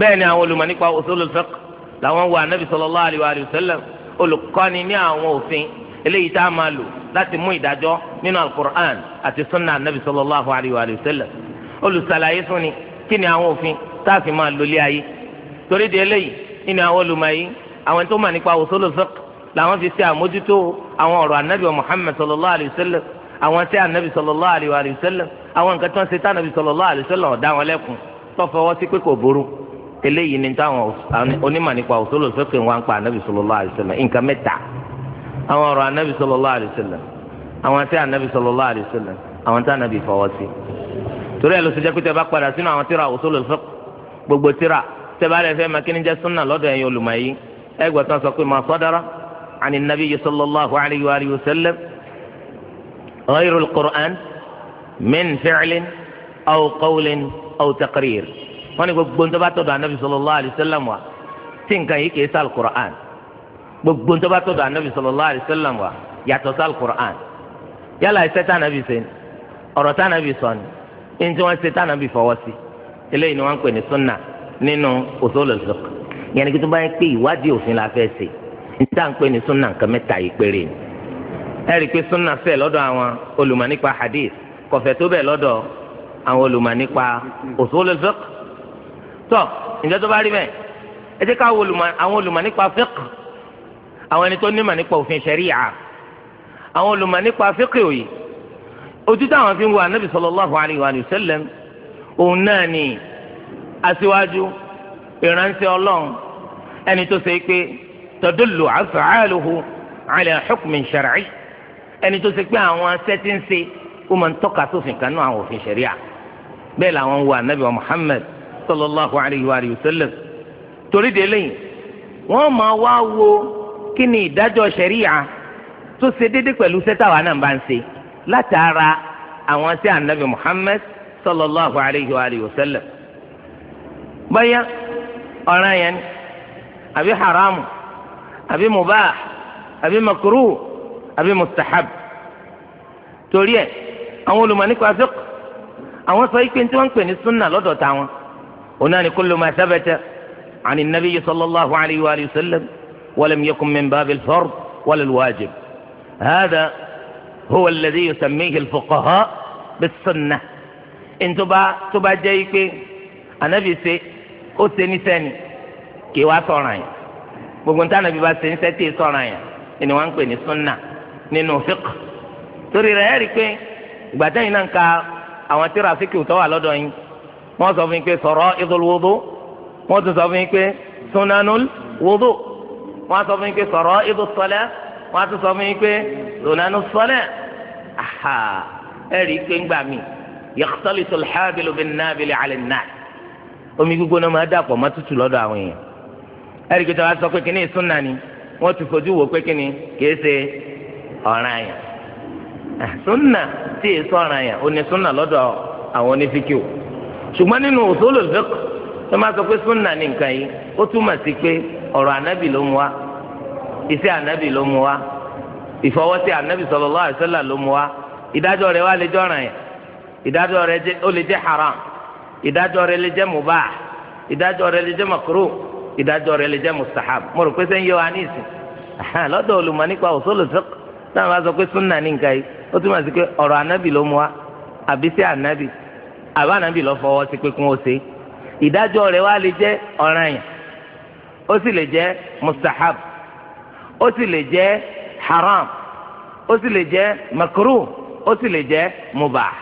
bẹ́ẹ̀ ni àwọn olùmọ̀ nípa usulul fiqh làwọn wo anabi sallallahu alayhi wa sallam olùkọ́ni ní àwọn òfin eléyìí tá a máa lò láti mú ìdájọ́ nínú alukur'an àti sunna anabi sallallahu alayhi wa sallam olùsàlàyé fún ni kí ni àwọn òfin tá a fi máa lò lé ayé torí di eléyìí nínú àwọn olùmọ̀ yìí àwọn tó mọ̀ nípa usulul làwọn fi ṣe àmójútó àwọn ọ̀rọ̀ anabi muhammed sallallahu alayhi wa sallam àwọn eléyìí ni táwọn onímọ̀ nípa òṣòlò sókè wọn pa anabi sallallahu alaihi wasallam nǹkan mẹ́ta àwọn ọ̀rọ̀ anabi sallallahu alaihi wasallam àwọn tí anabi sallallahu alaihi wasallam àwọn tí anabi fọwọ́ sí. torí ẹ̀ ló ṣe jẹ́ pé tẹ́ bá padà sínú àwọn tíra òṣòlò sọ́k gbogbo tíra tẹ́ bá rẹ̀ fẹ́ máa kíni jẹ́ súnà lọ́dọ̀ ẹ̀yin olùmọ̀ yìí ẹ wọ́n ní gbogbo ń tọ́ba tọ̀dọ̀ anabi sallallahu alaihi wasallam wa tí nǹkan yìí kìí sàl qur'an gbogbo ń tọ́ba tọ̀dọ̀ anabi sallallahu alaihi wasallam wa yàtọ̀ sàl qur'an yálà iṣẹ́ tá anabi ṣe ni ọ̀rọ̀ tá anabi sọ ni ní tí wọ́n ṣe tá anabi fọwọ́ sí eléyìí ni wọ́n ń pè ní sunna nínú usul al-fiqh yẹn ni kí tó bá yẹ pé ìwádìí òfin la fẹ́ ṣe níta ń pè ní sunna tọ́ ǹjẹ́ tó bá rí bẹ́ẹ̀ ẹ jẹ́ ká àwọn olùmọ̀ nípa fiqh àwọn ẹni tó nímọ̀ nípa òfin ṣẹ̀ríyà àwọn olùmọ̀ nípa fiqh òye ojú táwọn fi ń wo anabi sallallahu alayhi wa sallam òun náà ni aṣíwájú ìránṣẹ́ ọlọ́run ẹni tó ṣe pé tadullu af'aluhu ala hukmin shar'i ẹni tó ṣe pé àwọn sẹ́tí ó máa ń tọ́ka sófin kan àwọn òfin ṣẹ̀ríyà bẹ́ẹ̀ làwọn wo anabi wa Muhammad sallallahu alayhi wa sallam torí de lẹ́yìn wọ́n máa wá wo kí ni ìdájọ́ ṣẹ̀ríyà tó ṣe déédé pẹ̀lú sẹ́tàwá náà bá ń ṣe látara àwọn sí anabi muhammed sallallahu alayhi wa sallam báyà ọ̀ràn yẹn ni àbí haramu àbí mubah àbí makruh àbí mustahab torí ẹ̀ àwọn olùmọ̀ nípa fiqh àwọn sọ yìí tí wọ́n ń pè ní sunna lọ́dọ̀ táwọn هناك كل ما ثبت عن النبي صلى الله عليه وآله وسلم ولم يكن من باب الفرض ولا الواجب هذا هو الذي يسميه الفقهاء بالسنة إن تبا تبا جايك أنا أو أسني ثاني كي واسوناي بقولت أنا بيسني ستي سوناي إن وانكو إن سنة نينو فقه تري رأيك بعدين أنك أوانتي رافيك وتوالو دوين wọ́n sọ fún yín pé sara'idul wudu wọ́n tún sọ fún yín pé sunanul wudu wọ́n sọ fún yín pé sara'idus salat wọ́n tún sọ fún yín pé sunanus salat aha ẹ̀rí pé ńgbà mi yakhtalitul habilu bin nabili ala an-nas omi gbígbóná máa dàpọ̀ máa tutù lọ́dọ̀ àwọn èèyàn ẹ̀rí pé tọ́wá sọ pé kíní sunna ni wọ́n ti fojú wò pé kíní kìí ṣe ọ̀ràn yẹn sunna tí ì sọ̀ràn yẹn ò ní sunna lọ́dọ̀ àwọn onífíkì o ṣùgbọ́n nínú usulul fiqh tó máa sọ pé súnà ní nǹkan yìí ó túmọ̀ sí pé ọ̀rọ̀ ànábì ló mú wa iṣẹ́ ànábì ló mú wa ìfọwọ́sí ànábì sallallahu alaihi wasallam ló mú wa ìdájọ́ rẹ̀ wá lè jọ̀ràn yẹn ìdájọ́ rẹ̀ ó lè jẹ́ haram ìdájọ́ rẹ̀ lè jẹ́ mubah ìdájọ́ rẹ̀ lè jẹ́ makruh ìdájọ́ rẹ̀ lè jẹ́ mustahab mo rò pé sẹ́yìn yóò wá ní ìsìn lọ́dọ̀ olùmọ̀ nípa usulul fiqh náà wá sọ pé súnà ní yìí ó túmọ̀ sí pé ọ̀rọ̀ ànábì ló mú wa àbí sí ànábì àbánabi lọ fọwọ́ sí pé kí wọ́n ṣe ìdájọ́ rẹ̀ wá lè jẹ́ ọ̀ranyàn ó sì lè jẹ́ mustahab ó sì lè jẹ́ haram ó sì lè jẹ́ makruh ó sì lè jẹ́ mubah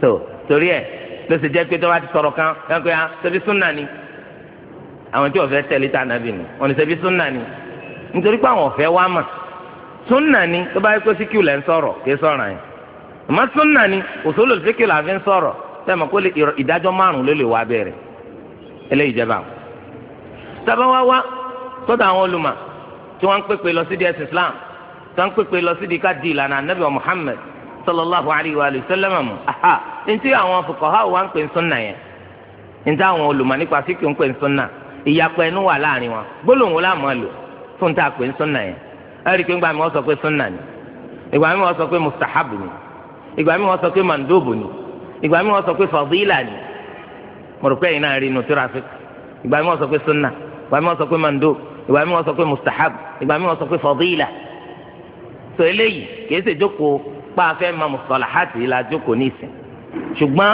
so torí ẹ̀ ló sì jẹ́ pé tó bá ti sọ̀rọ̀ kan ẹnìkan ya ṣebí súnà ni àwọn tí wọ́n fẹ́ tẹ̀lé tá ànábì ni wọ́n ní ṣebí súnà ni nítorí pé àwọn ọ̀fẹ́ wá mà súnà ni tó bá yẹ kó síkìlẹ̀ ń sọ̀rọ̀ kì sọ̀ràn yẹn. ma sunna ni òṣòlò fíkì là fi ń sọ̀rọ̀ sẹ́mi kó lè ìdájọ́ márùn ló lè wá bẹ̀rẹ̀ eléyìí jẹba o. sábà wá wá sọ́dọ̀ àwọn olùmọ̀ tí Islam tí wọ́n ń pèpè lọ ká di ìlànà anabi Muhammad sallallahu alayhi wa sallam mu aha ntí àwọn fuqaha wa ń pè ń yẹn ntí àwọn nípa fíkì ń pè wà láàrin wọn gbólóhùn wọn láàmú àlò fún tá a pè ń súnà yẹn pé ni ìgbà sọ ìgbà mi wọ́n sọ pé mandobo ni ìgbà mi wọ́n sọ pé fadila ni mo rò pé ẹ̀yin náà rí inú tirafik ìgbà mi wọ́n sọ pé sunna ìgbà mi wọ́n sọ pé mandobo ìgbà mi wọ́n sọ pé mustahab ìgbà mi wọ́n sọ pé fadila so eléyìí kìí ṣe jókòó pa afẹ́ ma mustalahati la jókòó ní ìsìn ṣùgbọ́n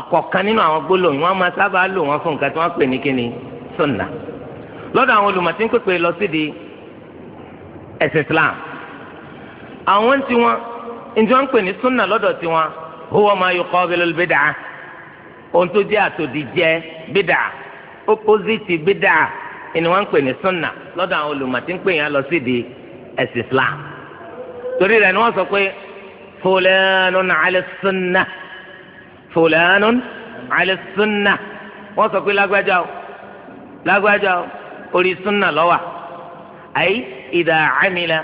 ọ̀kọ̀ọ̀kan nínú àwọn gbólóyìn wọn máa sábà lò wọn fún nǹkan tí wọ́n pè ní kíni sunna lọ́dọ̀ àwọn olùmọ̀tí ń pèpè lọ sídìí ẹ̀sìn Islam àwọn tí wọ́n njẹ́ wọ́n ń pè ní súnà lọ́dọ̀ tiwọn huwa ma yuqabilu al-bid'ah ohun tó jẹ́ àtòdìjẹ́ bid'ah opposite bid'ah ni wọ́n ń pè ní súnà lọ́dọ̀ àwọn olùmọ̀tí ń pè yẹn lọ sí di ẹ̀sìn Islam torí rẹ̀ ni wọ́n sọ pé fulanun ala sunnah fulanun ala sunnah wọ́n sọ pé lágbájá o lágbájá o orí súnà ló wà àyí idha amila.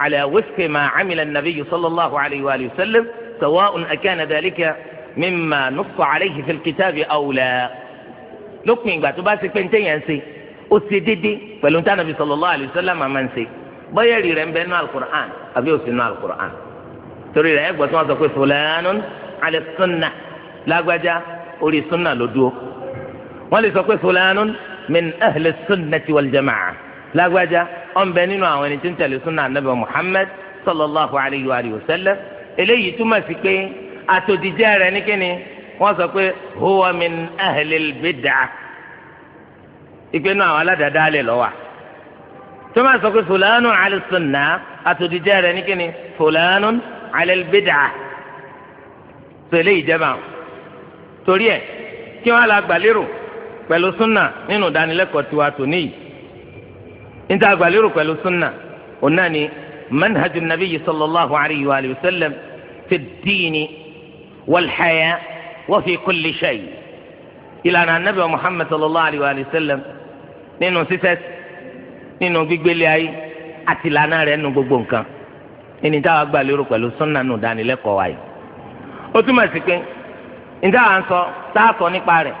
على وفق ما عمل النبي صلى الله عليه وآله وسلم سواء أكان ذلك مما نص عليه في الكتاب أو لا نكمل بعد باسك بنتين ينسي أسددي فلنتا النبي صلى الله عليه وسلم منسي بيالي رمبنا القرآن أبي أسنا القرآن تري رأيك بسما تقول فلان على السنة لا قجا أولي السنة لدوك ولي تقول فلان من أهل السنة والجماعة lágbájá ọ̀nbẹ nínú àwọn ẹni tí ń tẹ̀lé súnà anábẹ́ Muhammad sallallahu alayhi wa sallam eléyìí túmọ̀ sí pé àtòdìjẹ́ rẹ̀ ní kíni wọ́n sọ pé huwa min ahlil bid'ah ìpè náà àwọn aládàáda lè lọ́wà tó máa sọ pé fulanu ala sunnah àtòdìjẹ́ rẹ̀ ní kíni fulanu ala bid'ah tó eléyìí jẹ́bà torí ẹ̀ kí wọ́n á la gbàlérò pẹ̀lú súnà nínú ìdánilẹ́kọ̀ọ́ tiwa tòní yìí níta àgbàlérò pẹ̀lú súnà ọ̀nà ni manhajul nabiyyi sallallahu alayhi wa sallam fi diini walxaya wa fi kulli shay ìlànà anabi wa muhammad sallallahu alayhi wa sallam nínú sísẹs nínú gbígbélé ayé àti ìlànà rẹ̀ nínú gbogbo nǹkan ẹni táwa àgbàlérò pẹ̀lú súnà nù dánilẹ́kọ̀ọ́ wáyé ó túmọ̀ sí pé níta à ń sọ táà sọ nípa rẹ̀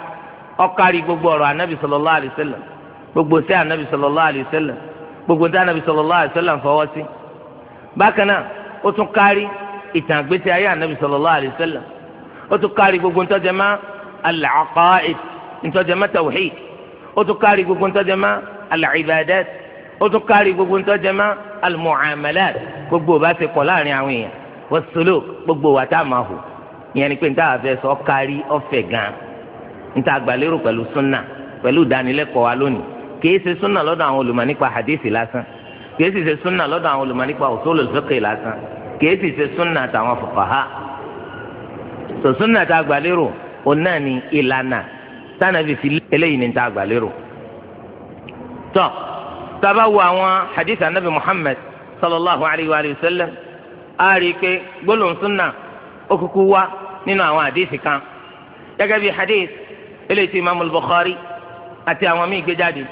ó kárí gbogbo ọ̀rọ̀ anabi sallallahu alayhi wa sallam gbogbo sí anabi sallallahu alayhi wa sallam gbogbo sí anabi sallallahu alayhi wa sallam fọwọ́ sí bákan náà ó tún kárí ìtàn àgbésí ayé anabi sallallahu alayhi wa sallam ó tún kárí gbogbo ntọ́jẹ́má al-aqaid ntọ́jẹ́má tawhid ó tún kárí gbogbo ntọ́jẹ́má al-ibadat ó tún kárí gbogbo ntọ́jẹ́má al-muamalat gbogbo bá ti kọ̀ láàrin àwọn èèyàn was-suluk gbogbo wa tá a máa hù ìyẹn ni pé níta àfẹ́ sọ kárí ọ̀fẹ́ gan níta àgbàlérò pẹ̀lú sunna pẹ̀lú ìdánilẹ́kọ̀ọ́ wa lónìí kìí ṣe súnà lọ́dọ̀ àwọn olùmọ̀ nípa hadithi lásán kìí sì ṣe súnà lọ́dọ̀ àwọn olùmọ̀ nípa usulul fiqh lásán kìí sì ṣe súnà tàwọn fuqaha tó súnà tá a gbà lérò òun náà ni ìlànà tánàbì fi eléyìí ni tá a gbà lérò tó tábà wo àwọn hadith anabi muhammad sallallahu alayhi wa sallam a rí i pé gbólóhùn súnà ó wá nínú àwọn hadithi kan gẹ́gẹ́ bí hadith eléyìí tí imaamu bukhari àti àwọn míì gbé jáde.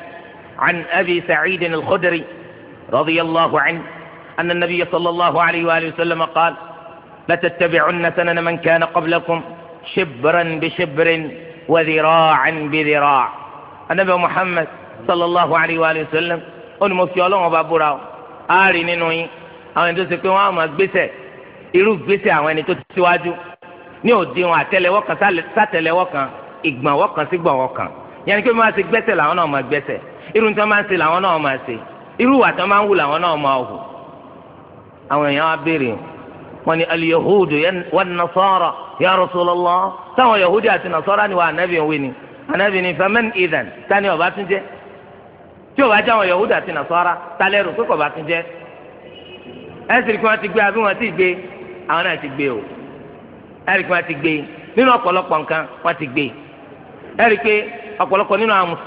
عن أبي سعيد الخدري رضي الله عنه أن النبي صلى الله عليه وآله وسلم قال لتتبعن سنن من كان قبلكم شبرا بشبر وذراعا بذراع النبي محمد صلى الله عليه وآله وسلم قل مسيولون وبابورا آري ننوي أو أن tó ṣe بسه wọn بسه أو أن irú gbéṣẹ àwọn ẹni tó ti síwájú ní òdiwọn àtẹ́lẹwọ́ kan sátẹ́lẹwọ́ kan ìgbọ̀nwọ́ kan sí gbọ̀nwọ́ kan yẹn ni pé igbonwo kan لا أنا ما yen Iru tí wọ́n máa ń ṣe làwọn náà máa ṣe irú ìwà tí wọ́n máa ń wù làwọn náà máa àwọn aliyahudu wọn nasara ya Rasulullah táwọn yahudi àti nasara ni wọn anabi ń wí ni anabi ni faman idan tani ọba tún jẹ tí ọba jẹ àwọn yahudi àti nasara talẹrù pé kọba tún jẹ kí ti gbé ti gbé àwọn náà ti gbé o kí ti gbé nínú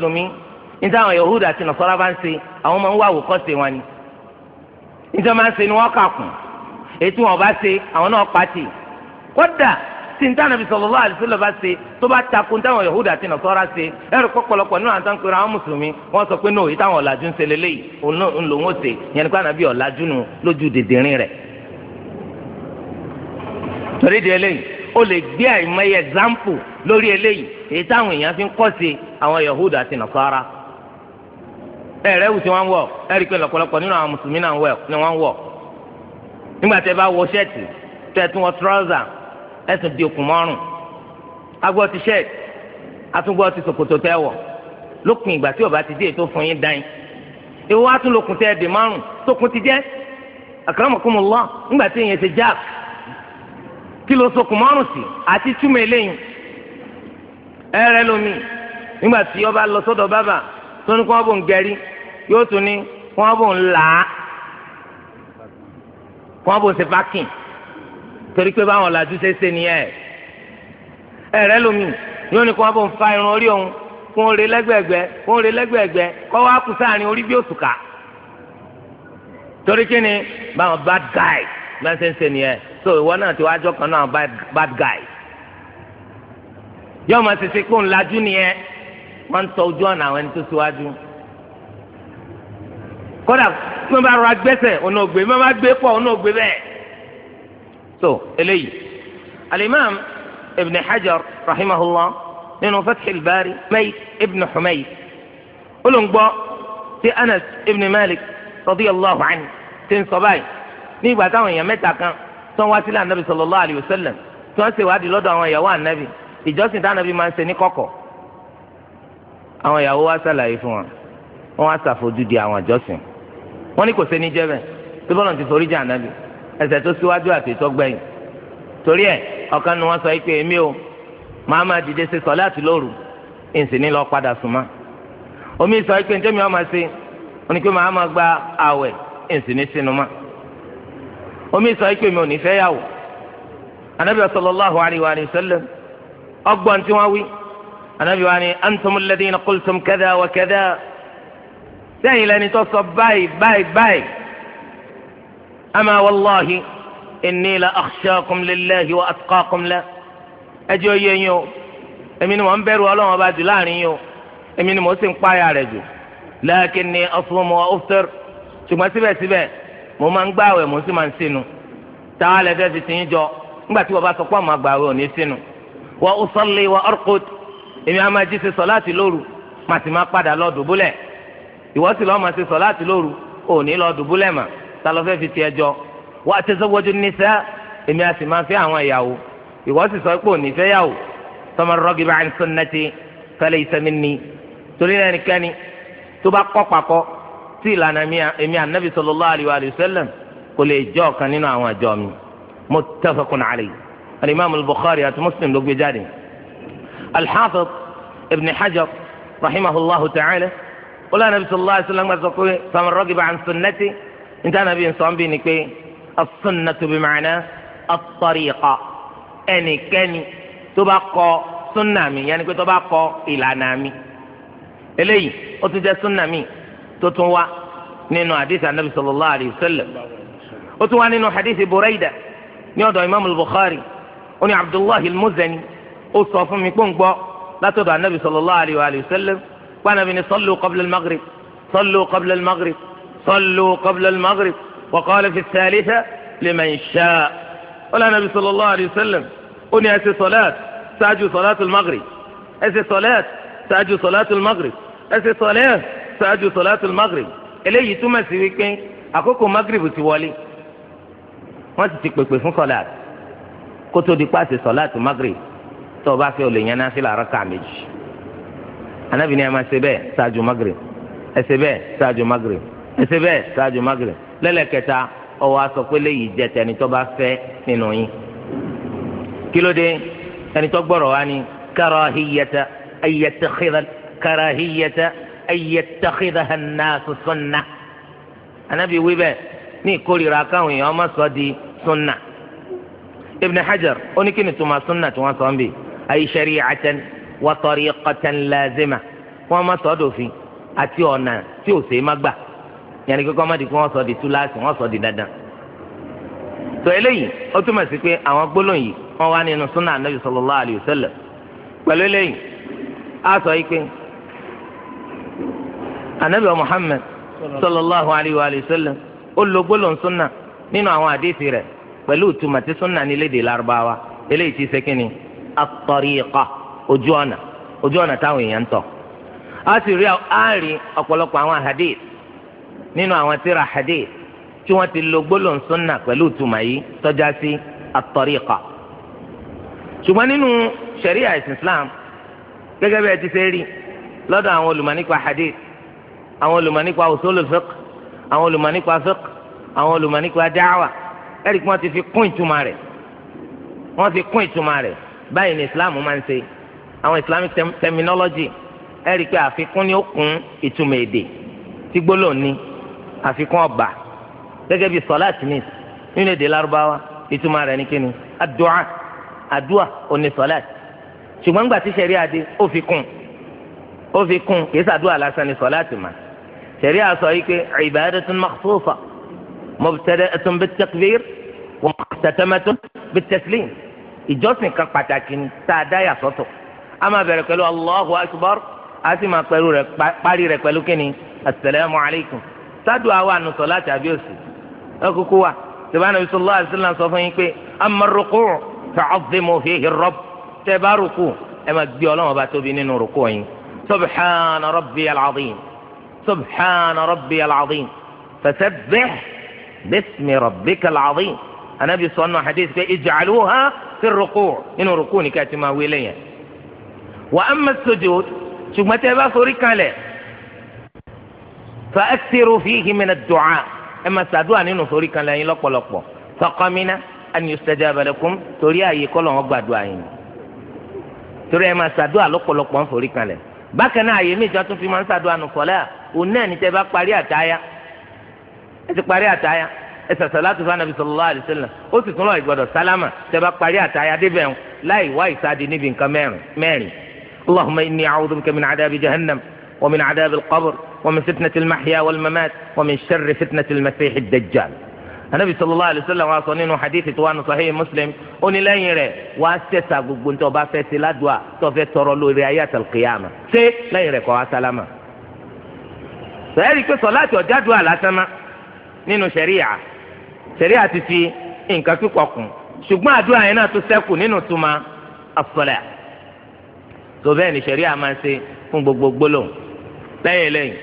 nǹkan níta àwọn yahuda àti nasara bá ń ṣe àwọn máa ń wá àwòkọ́ṣe wọn ni níta máa ń ṣe ni wọ́n kà kùn ètò wọn bá ṣe àwọn náà pàtì kódà tí níta nàbì sallallahu alaihi wasallam bá ṣe tó bá takò níta àwọn yahuda àti nasara ṣe ẹrù pọpọlọpọ nínú àti àǹkóró àwọn mùsùlùmí wọ́n sọ pé náà ìtàwọn ọ̀làjú ń ṣe lélẹ́yìí òun lòun ó ṣe yẹn ọ̀làjú nù lójú o lè gbé àìmọye example lórí eléyìí èyí táwọn èèyàn fi ń kọ́ sí àwọn yahuda àti nasara ẹ̀rẹ́ wù tí wọ́n ń wọ̀ pé lọ́pọ̀lọpọ̀ nínú àwọn mùsùlùmí náà ni wọ́n ń wọ̀ nígbà tẹ́ bá wọ ṣẹ́ẹ̀tì tún wọ di okùn mọ́rùn agbọ́ ti ṣẹ́ẹ̀tì atúgbọ́ ti ṣòkòtò tẹ́ wọ̀ lópin ìgbà tí ó ti dé tó fún yín dáin ìwọ wá tún lókun tẹ́ dè márùn tó kun ti jẹ́ àkàràmọ̀kọ́mọ̀lá nígbà tí tó ní kí wọ́n bò ń gẹrí yóò tún ní kí wọ́n bò ń là á kí wọ́n bò ń ṣe vakin torí pé báwọn làjú ṣe ṣe nìyẹn ẹ̀rẹ́ lomi yóò ní kí wọ́n bò ń fa irun orí òun kó ń re lẹ́gbẹ̀ẹ́gbẹ́ kó ń re lẹ́gbẹ̀ẹ́gbẹ́ kó wá kù sáàrin orí bí òṣùkà torí kí ni báwọn bad guy máa ń ṣe ń ṣe nìyẹn so ìwọ náà ti wájọ kan náà bad guy yóò máa ṣe ṣe kó ń lajú nìyẹn wọ́n ń tọ ojú ọ̀nà àwọn ẹni tó síwájú kódà tí wọ́n bá rọra gbẹ́sẹ̀ ọ̀nà ògbé wọ́n bá gbé pọ̀ ọ̀nà ògbé bẹ́ẹ̀ so eléyìí alimam ibn hajar rahimahullah nínú fathil bari may ibn humay olùgbọ́ ti anas ibn malik radiyallahu anhu ti ń sọ báyìí ní ìgbà táwọn èèyàn mẹ́ta kan tó wá sílẹ̀ anabi sallallahu alayhi wa sallam tí wọ́n ṣèwádìí lọ́dọ̀ àwọn ìyàwó anabi ìjọsìn tí anabi máa ń ṣe ní kọ̀kọ̀ àwọn ìyàwó wa ṣàlàyé fún wa wọn wá ṣàfojúdi àwọn àjọsìn wọn ní kò sẹ́ni jẹ́ bẹ́ẹ̀ tí bọ́lá ti forí jẹ́ ànábì ẹ̀ṣẹ̀ tó síwájú àti tó torí ni sọ o màá máa dìde ṣe sọ láti lóru ìsìn ní lọ padà omi sọ pé njem ọmọ ṣe wọn ni pé màá máa gba àwẹ̀ ìsìn ní omi sọ pé mi ò ní fẹ́ yàwó ọgbọ́n tí wọ́n wí anabi wa ni antumul ladina qultum kada wa kada sẹ́yìn lẹni tó sọ báyìí báyìí báyìí ama wàllahi inni la akhshakum lillahi wa atqakum la ẹjọ́ yẹ yín o èmi ni mò ń bẹ̀rù ọlọ́run ọba jù láàrin yín o èmi ni mò ń sì ń páyà rẹ̀ jù lakinni asumu wa uftir ṣùgbọ́n síbẹ̀síbẹ̀ mo máa ń gbààwẹ̀ mo sì máa ń sinu táwa lẹ́fẹ̀ẹ́ fi tiyín jọ nígbà tí wọ́n bá sọ pé àwọn àgbààwẹ̀ ò ní sinu wa usalli wa arqud èmi á máa jí ṣe sọláàtì lóru màá sì máa padà lọ dùbúlẹ̀ ìwọ sì lọ́ọ́ máa ṣe sọláàtì lóru òní lọ dùbúlẹ̀ mà ta ló fẹ́ fi tiẹ̀ jọ wà á ti sọ́wọ́jú níṣẹ́ èmi á sì máa fẹ́ àwọn ìyàwó ìwọ sì sọ pé òní fẹ́ yàwó faman ragiba an sunnati falaysa minni torí ẹnikẹ́ni tó bá kọ́ papọ̀ tí ìlànà èmi ànábì sallallahu alayhi wa الحافظ ابن حجر رحمه الله تعالى قال النبي صلى الله عليه وسلم فمن رغب عن سنتي انت انا بين سوان بينك السنة بمعنى الطريقة اني كني تبقى سنامي يعني كنت تبقى الى نامي الي قلت سنامي تتوى نينو حديث النبي صلى الله عليه وسلم قلت نينو حديث بريدة نيو امام البخاري وني عبد الله المزني ó sọ fún mi pọ́n gbọ́ látọ̀dọ̀ anabi sallallahu alayhi wa sallam pàànàbí ni sallu qabla al-maghrib sallu qabla al-maghrib sallu qabla al-maghrib wa qala fi ath-thalitha liman sha'a ó lànà bí sallallahu alayhi wa sallam ó ní ẹ ṣe sọlẹ́t ṣáájú sọlẹ́t al-maghrib ẹ ṣe sọlẹ́t ṣáájú sọlẹ́t al-maghrib ẹ sọlẹ́t ṣáájú sọlẹ́t al-maghrib eléyìí túmọ̀ sí wípé àkókò maghrib ti wọlé wọ́n ti ti pèpè fún sọlẹ́t kótó di pàṣẹ sọlẹ́t maghrib tó o bá fẹ́ o lè yan nafila raka méjì anabi ni ẹ máa ṣe bẹ́ẹ̀ ṣáájú magre ẹ ṣe bẹ́ẹ̀ ṣáájú magre ẹ ṣe bẹ́ẹ̀ ṣáájú magre lẹ́lẹ́kẹta ó wá sọ pé léyìí jẹ tẹni tó bá fẹ́ nínú yín kí ló dé ẹni tó gbọ́rọ̀ wá ní karahiyata ayatakhidha karahiyata ayatakhidha hannasu sunna anabi wí bẹ́ẹ̀ ní ìkórìíra káwọn èèyàn ọmọ sọ di sunna ibn hajar ó ní kí sunna tí wọ́n sọ ń bì أي شريعة وطريقة لازمة وما صدوا في أتيونا تيوسي مقبع يعني كي كما تكون صدي تلاسي وصدي دادا tó eléyìí ó túmọ̀ sí pé àwọn gbólóhùn yìí wọ́n wá nínú súnà anábì sallallahu alayhi wa sallam pẹ̀lú eléyìí á sọ yìí pé anábì muhammed sallallahu alayhi wa sallam ó lo gbólóhùn súnà nínú àwọn àdéhìí rẹ̀ at-tariqa ojú ọ̀nà ojú ọ̀nà táwọn èèyàn ń tọ̀ a sì rí àárín ọ̀pọ̀lọpọ̀ àwọn hadith nínú àwọn tíra hadith tí wọ́n ti lo gbólóhùn sunna pẹ̀lú ìtumọ̀ yìí tọ́já sí at-tariqa ṣùgbọ́n nínú sharia islam gẹ́gẹ́ bí ẹ ti ṣe rí lọ́dọ̀ àwọn olùmọ̀ nípa hadith àwọn olùmọ̀ nípa usulul fiqh àwọn olùmọ̀ nípa àwọn olùmọ̀ nípa ẹ̀rí kí wọ́n ti fi kún ìtumọ̀ rẹ̀ wọ́n ti kún ìtumọ̀ rẹ̀ báyìí ni islam máa ń ṣe àwọn islamic terminology ẹ rí i pé àfikún ni ó kún ìtumọ̀ èdè tí gbólóhùn ní àfikún ọba gẹ́gẹ́ bí sọláàtì ní nínú èdè lárúbáwá ìtumọ̀ rẹ̀ ní kíni àdúà àdúà òní sọláàtì ṣùgbọ́n nígbà tí sẹ̀rí adé ó fi kún ó fi kún kì í sàdúà lásán ní sọláàtì mà sẹ̀rí àsọ yìí pé ibadatun makhsusa mubtada'atun bit takbir wa mukhtamatun bit taslim ìjọsìn kan pàtàkì ni tá a dá yàsọ́tọ̀ a máa bẹ̀rẹ̀ pẹ̀lú allahu akbar a sì máa pẹ̀lú rẹ̀ parí rẹ̀ pẹ̀lú kíni asalaamu alaykum sádùn àwa ànusọ̀ láti àbíòsì ẹ kúkú wa sèbá nàbí sọlá àdìsílà sọ fún yín pé amma rukú fa'azzimu fihi rabb tẹ bá rukú ẹ máa gbé ọlọ́wọ́n bá tóbi nínú rukú yín subhana rabbi al subhana rabbi al-azim fasabbih bismi rabbika al-azim anabi hadith pé ij'aluha fi rúkú nínú rúkú nìkan ti máa wí lẹ́yìn wa amma sujud ṣùgbọ́n tẹ́ ẹ bá forí kalẹ̀ fa aksiru fihi min ad-du'a ẹ máa ṣàdúrà nínú forí kalẹ̀ yín lọ́pọ̀lọpọ̀ faqamina an yustajaba lakum torí ààyè kọ́lọ̀ wọn gbàdúrà yín torí ẹ máa ṣàdúrà lọ́pọ̀lọpọ̀ ń forí kalẹ̀ bákan náà ààyè méjì tún fi máa ń nù fọlẹ́ à òun náà ní tẹ́ bá parí àtáyà ẹ ti parí àtáyà. ẹsẹ̀ sọ̀láàtù fún anabi sallallahu alaihi wasallam ó sì tún lọ́ọ́ ìgbọ́dọ̀ sálámà tẹ bá parí àtàyà débẹ̀ ń láì wá ìsádi níbi nǹkan mẹ́rin. allahumma inni a'udhu bika min adaabi jahannam wa min adaabi alqabr wa min fitnati almahya walmamat wa min sharri fitnati almasihi dajjal. anabi sallallahu alaihi wasallam wa sọ nínú hadithi tó wà nù sahih muslim ó ní lẹ́yìn rẹ̀ wá sẹ́sà gbogbo tó bá fẹ́ ṣe ládùá tó fẹ́ tọrọ lórí ayé àtàlùkìyàmà ṣé lẹ́yìn rẹ̀ kọ́ wá sálámà. sọ̀rọ̀ yẹ́rì pé sọ̀láàtì ọ̀jádùá lásán nínú ṣẹ̀ríyà sẹ̀rí àti fi nǹkan kíkọ kùn ṣùgbọ́n àdúrà yẹn náà tún sẹ́kù nínú tuma as-salat tó bẹ́ẹ̀ ni sẹ̀rí àmà ń ṣe fún gbogbo gbólóhùn lẹ́yìn lẹ́yìn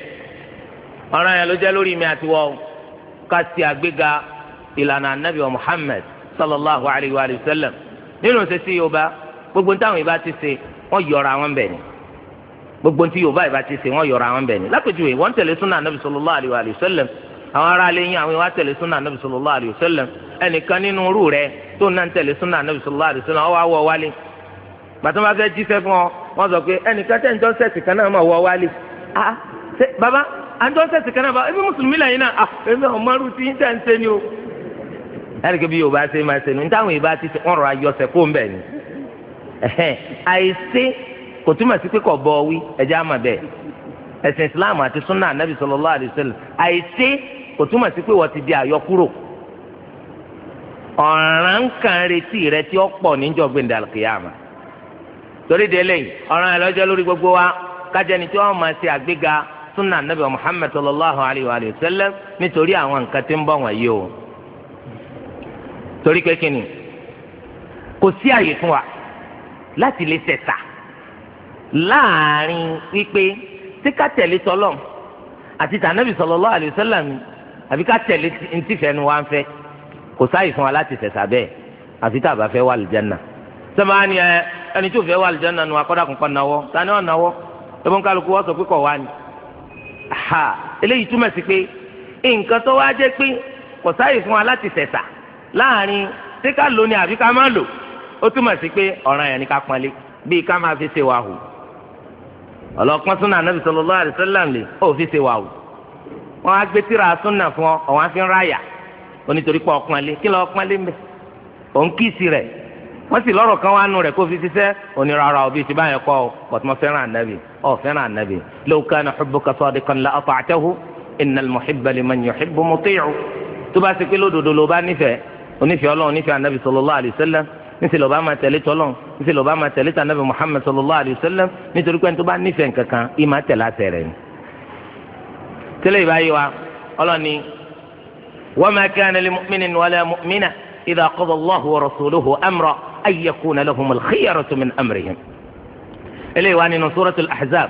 ọ̀ràn yẹn ló jẹ́ lórí mi àti wọ́n ká sí àgbéga ìlànà anabi wa Muhammad sallallahu alayhi wa sallam nínú sẹ́sí yorùbá gbogbo táwọn ìbá ti ṣe wọ́n yọra àwọn bẹ̀ ni gbogbo tí yorùbá ìbá ti ṣe wọ́n yọra àwọn bẹ̀ ni lápèjúwe sallallahu alayhi wa àwọn ará ilé yín àwọn ìwà tẹ̀lé súnà nàbì sallallahu alaihi wasallam ẹnìkan nínú rú rẹ tó náà ń tẹ̀lé súnà nàbì sallallahu alaihi wasallam ọwọ́ awọ wálé gbàtọ́ bá fẹ́ jíṣẹ́ fún ọ wọ́n sọ pé ẹnìkan tẹ̀ ń jọ́ sẹ̀sì kan náà máa wọ wálé ah à ń jọ́ sẹ̀sì kan náà bá ebi mùsùlùmí lẹ́yìn náà ah ọmọ rú ti ń tẹ̀ ń sẹ́ni o ẹ̀ríkẹ́ bí yorùbá ṣe máa ṣe nu nítawọn yorùbá ti ṣe rọra yọ ọ̀sẹ̀ kó ń ni àìsí kò túmọ̀ sí pé kò bọ̀ wí ẹ̀jẹ̀ àmọ̀ ẹ̀sìn islam àti sunnah anabi sallallahu alaihi àìsí kò túmọ̀ sí pé wọ́n ti di àyọkúrò ọ̀ràn kan retí rẹ tí ó pọ̀ níjọ́ gbẹ̀ndàkìyàmà torí délé ọ̀ràn ẹ̀ lórí gbogbo wa kájẹni tí wọ́n máa ṣe àgbéga sunna anabi muhammed sallallahu alayhi wa sallam nítorí àwọn nǹkan tí o torí kò sí àyè fún wa láti lè láàrin wípé àbí ká tẹ̀lé ntí fẹ́ nu wa ń fẹ́ kò sáyè fún wa láti fẹ̀sà bẹ́ẹ̀ àfi tá a bá fẹ́ wà lìjánà sábà ni ẹ ẹni tí ò fẹ́ wà lìjánà nu akọ́dà náwọ́ tani ọ̀ náwọ́ ẹbọn kálukú wọ́n sọ pé kọ̀ wá ni ha eléyìí túmọ̀ sí pé nǹkan tó wá jẹ́ pé kò sáyè fún wa láti fẹ̀sà láàrin ṣé ká lò ni àbí ká má lò ó túmọ̀ sí pé ọ̀ràn yẹn ni ká pọ́nlé bíi ká máa fi ṣe wàhù ọ̀lọ́pọ́n súnà wọn á gbé tíra súnà fún ọ ọwọn á fi ń ráyà onítorí pé ọkùnrin lé kí lọ ọkùnrin lé mbẹ òun kíìsì rẹ wọn sì lọ́rọ̀ kan wá nù rẹ kó fi ṣiṣẹ́ onírara òbí ti báyẹn kọ ọ bọtú mọ ànábì ọ fẹ́ràn ànábì law kana hubbuka sadiqan la ata'tahu innal muhibba liman yuhibbu muti'u tó bá ṣe pé lódodo ló bá nífẹ̀ẹ́ onífẹ̀ẹ́ Ọlọ́run onífẹ̀ẹ́ ànábì sallallahu alayhi wasallam níṣẹ́ máa tẹ̀lé tọ́lọ́n níṣẹ́ lọ́ba máa tẹ̀lé tànàbì Muhammad sallallahu alayhi nítorí pé ẹni tó bá nífẹ̀ẹ́ nǹkan kan ìmọ̀ tẹ̀lé ni tẹ́lẹ̀ ìbáyé wa ọlọ́ni wa ma kana li mu'minin wala mu'mina idha qada Allahu wa rasuluhu amra an yakuna lahumul khiyaratu min amrihim. eléyìí wá nínú suratul ahzab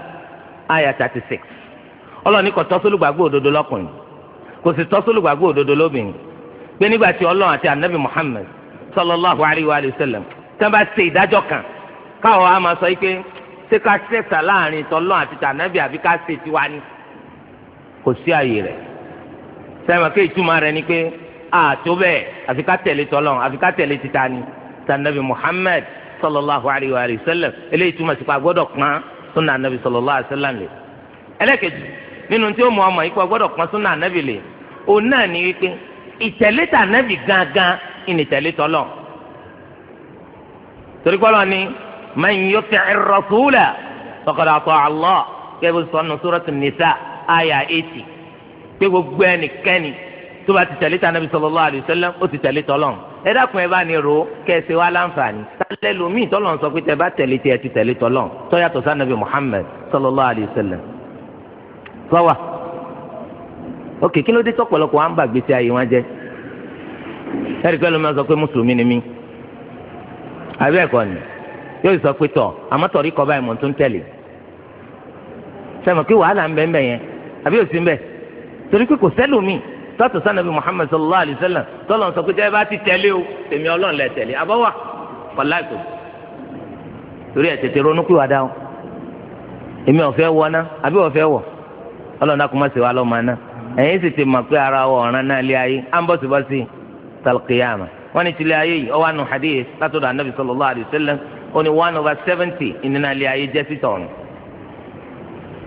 aya thirty six ọlọ́ni kò tọ́ sólùgbàgbọ́ òdodo lọ́kùnrin kò sì tọ́ sólùgbàgbọ́ òdodo lóbìnrin pé nígbà tí ọlọ́run àti anabi muhammed sallallahu alayhi wa sallam tẹ́ bá ṣe ìdájọ́ kan káwọn á sọ yìí pé ṣé ká ṣẹ̀ṣà láàrin tọ́lọ́ àti tànàbì àbí ká ṣe tiwa ni kò sí àyè rẹ̀ sẹ́wọ̀n kí ìtumọ̀ rẹ̀ ni pé àtó bẹ́ẹ̀ àfi ká tẹ̀lé tọ́lọ́n àfi ká tẹ̀lé títa ni sanabi Muhammad sallallahu alayhi wa sallam eléyìí túmọ̀ sí pé a gbọ́dọ̀ pọ́n sunna anabi sallallahu alayhi wa sallam lè ẹlẹ́kẹ̀jì nínú tí ó mú ọmọ yìí pé a gbọ́dọ̀ pọ́n sunna anabi lè òun náà ni wípé ìtẹ̀lé tà anabi gangan ìnìtẹ̀lé tọ́lọ́n torí kọ́lọ́ ni man yuti'ir rasula faqad ata'a Allah àyà eighty pé gbogbo ẹnikẹ́ni tó bá ti tẹ̀lé tànàbí sallallahu alaihi wasallam ó ti tẹ̀lé tọ́lọ́run ẹ dákun ẹ bá ní ro kẹsẹ̀ wa láǹfààní tálẹ́ lomiin tọ́lọ́run sọ pé tẹ bá tẹ̀lé tiẹ̀ ti tẹ̀lé tọ́lọ́run tọ́yàtọ̀ sànàbí Muhammad sallallahu alaihi wasallam sọ́wà ok kí ló dé tọ́pọ̀lọpọ̀ wa ń bà gbèsè ayé wọn jẹ́ ẹ̀rí pẹ́ ló máa sọ pé mùsùlùmí ni mí àbí ẹ̀kọ́ ni yóò sọ pé tọ̀ àmọ́ tọ̀rí kọ́ báyìí mò ń tẹ̀lé sẹ́mi kí wàhálà ń bẹ́ẹ̀ bẹ́ẹ̀ àbí òsì ń bẹ torí pé kò sẹ́lòmíì tọ́tù sànàbí Muhammad sallallahu alayhi wa sallam tọ́lọ̀ sọ pé tẹ́ ẹ bá ti tẹ̀lé o èmi ọlọ́run lẹ tẹ̀lé àbọ̀wà pàláìkò torí ẹ̀ tètè ronú pé wà o èmi ọ̀fẹ́ wọ ná àbí ọ̀fẹ́ wọ ọlọ́run náà kò má ẹ̀yin sì ti mọ̀ pé ara wọ ọ̀ràn náà lé ayé à ń talqiyama wọ́n ní ayé yìí ọwọ́ àánú látọ̀dọ̀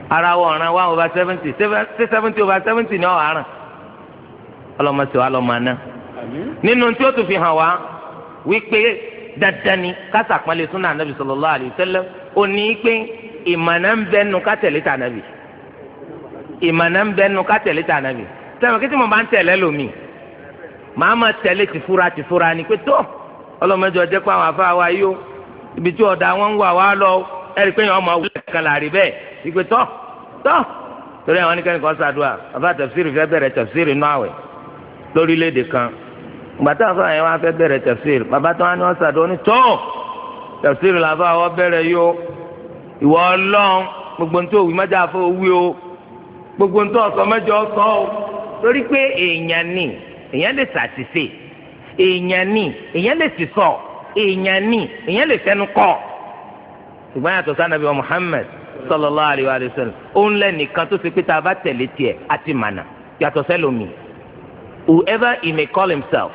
ara wa ọ̀ràn one over seventy ṣé seventy over seventy ni ọ̀ àràn ọlọ́mọṣẹ́ wa lọ́mọ aná nínú tí ó tún fi hàn wá wípé dandan ni kásàpọ̀nlé súnà ànábì sallallahu alaihi wasallam ó ní pé ìmọ̀nà ń bẹ́ nu kátẹ̀lé tà nàbì ìmọ̀nà ń bẹ́ nu kátẹ̀lé tà nàbì sẹ́wọ̀n kí tí mo ń lómi ma tẹ̀lé tìfura tìfura ni pé tó ibi tí ọ̀dà wọn ń wà ẹ̀rí pé yẹn ọmọ wúlẹ̀ kan láàrin bẹ́ẹ̀ ìgbé tọ́ tọ́ torí àwọn oníkẹ́ni kan ṣàdúrà àfa tẹ̀síìrì fẹ́ bẹ̀rẹ̀ tẹ̀síìrì nù àwẹ̀ lórílẹ̀‐èdè kan gbàtà àfa yẹn wá fẹ́ bẹ̀rẹ̀ tẹ̀síìrì bàbá tó wá ní wọ́n ṣàdúrà ní tó tẹ̀síìrì làbá wọ́n bẹ̀rẹ̀ yó ìwọ ọlọ́run gbogbo ntọ́ òwì mẹ́jọ afọ òwì o gbogbo ntọ́ ọ̀sọ́ mẹ́jọ ṣùgbọ́n yàtọ̀ sànàbí wa Muhammad sallallahu alayhi wa sallam òun lẹ nìkan tó ṣe pé tá a bá tẹ̀lé tiẹ̀ á ti mànà yàtọ̀ sẹ́lómi whoever he may call himself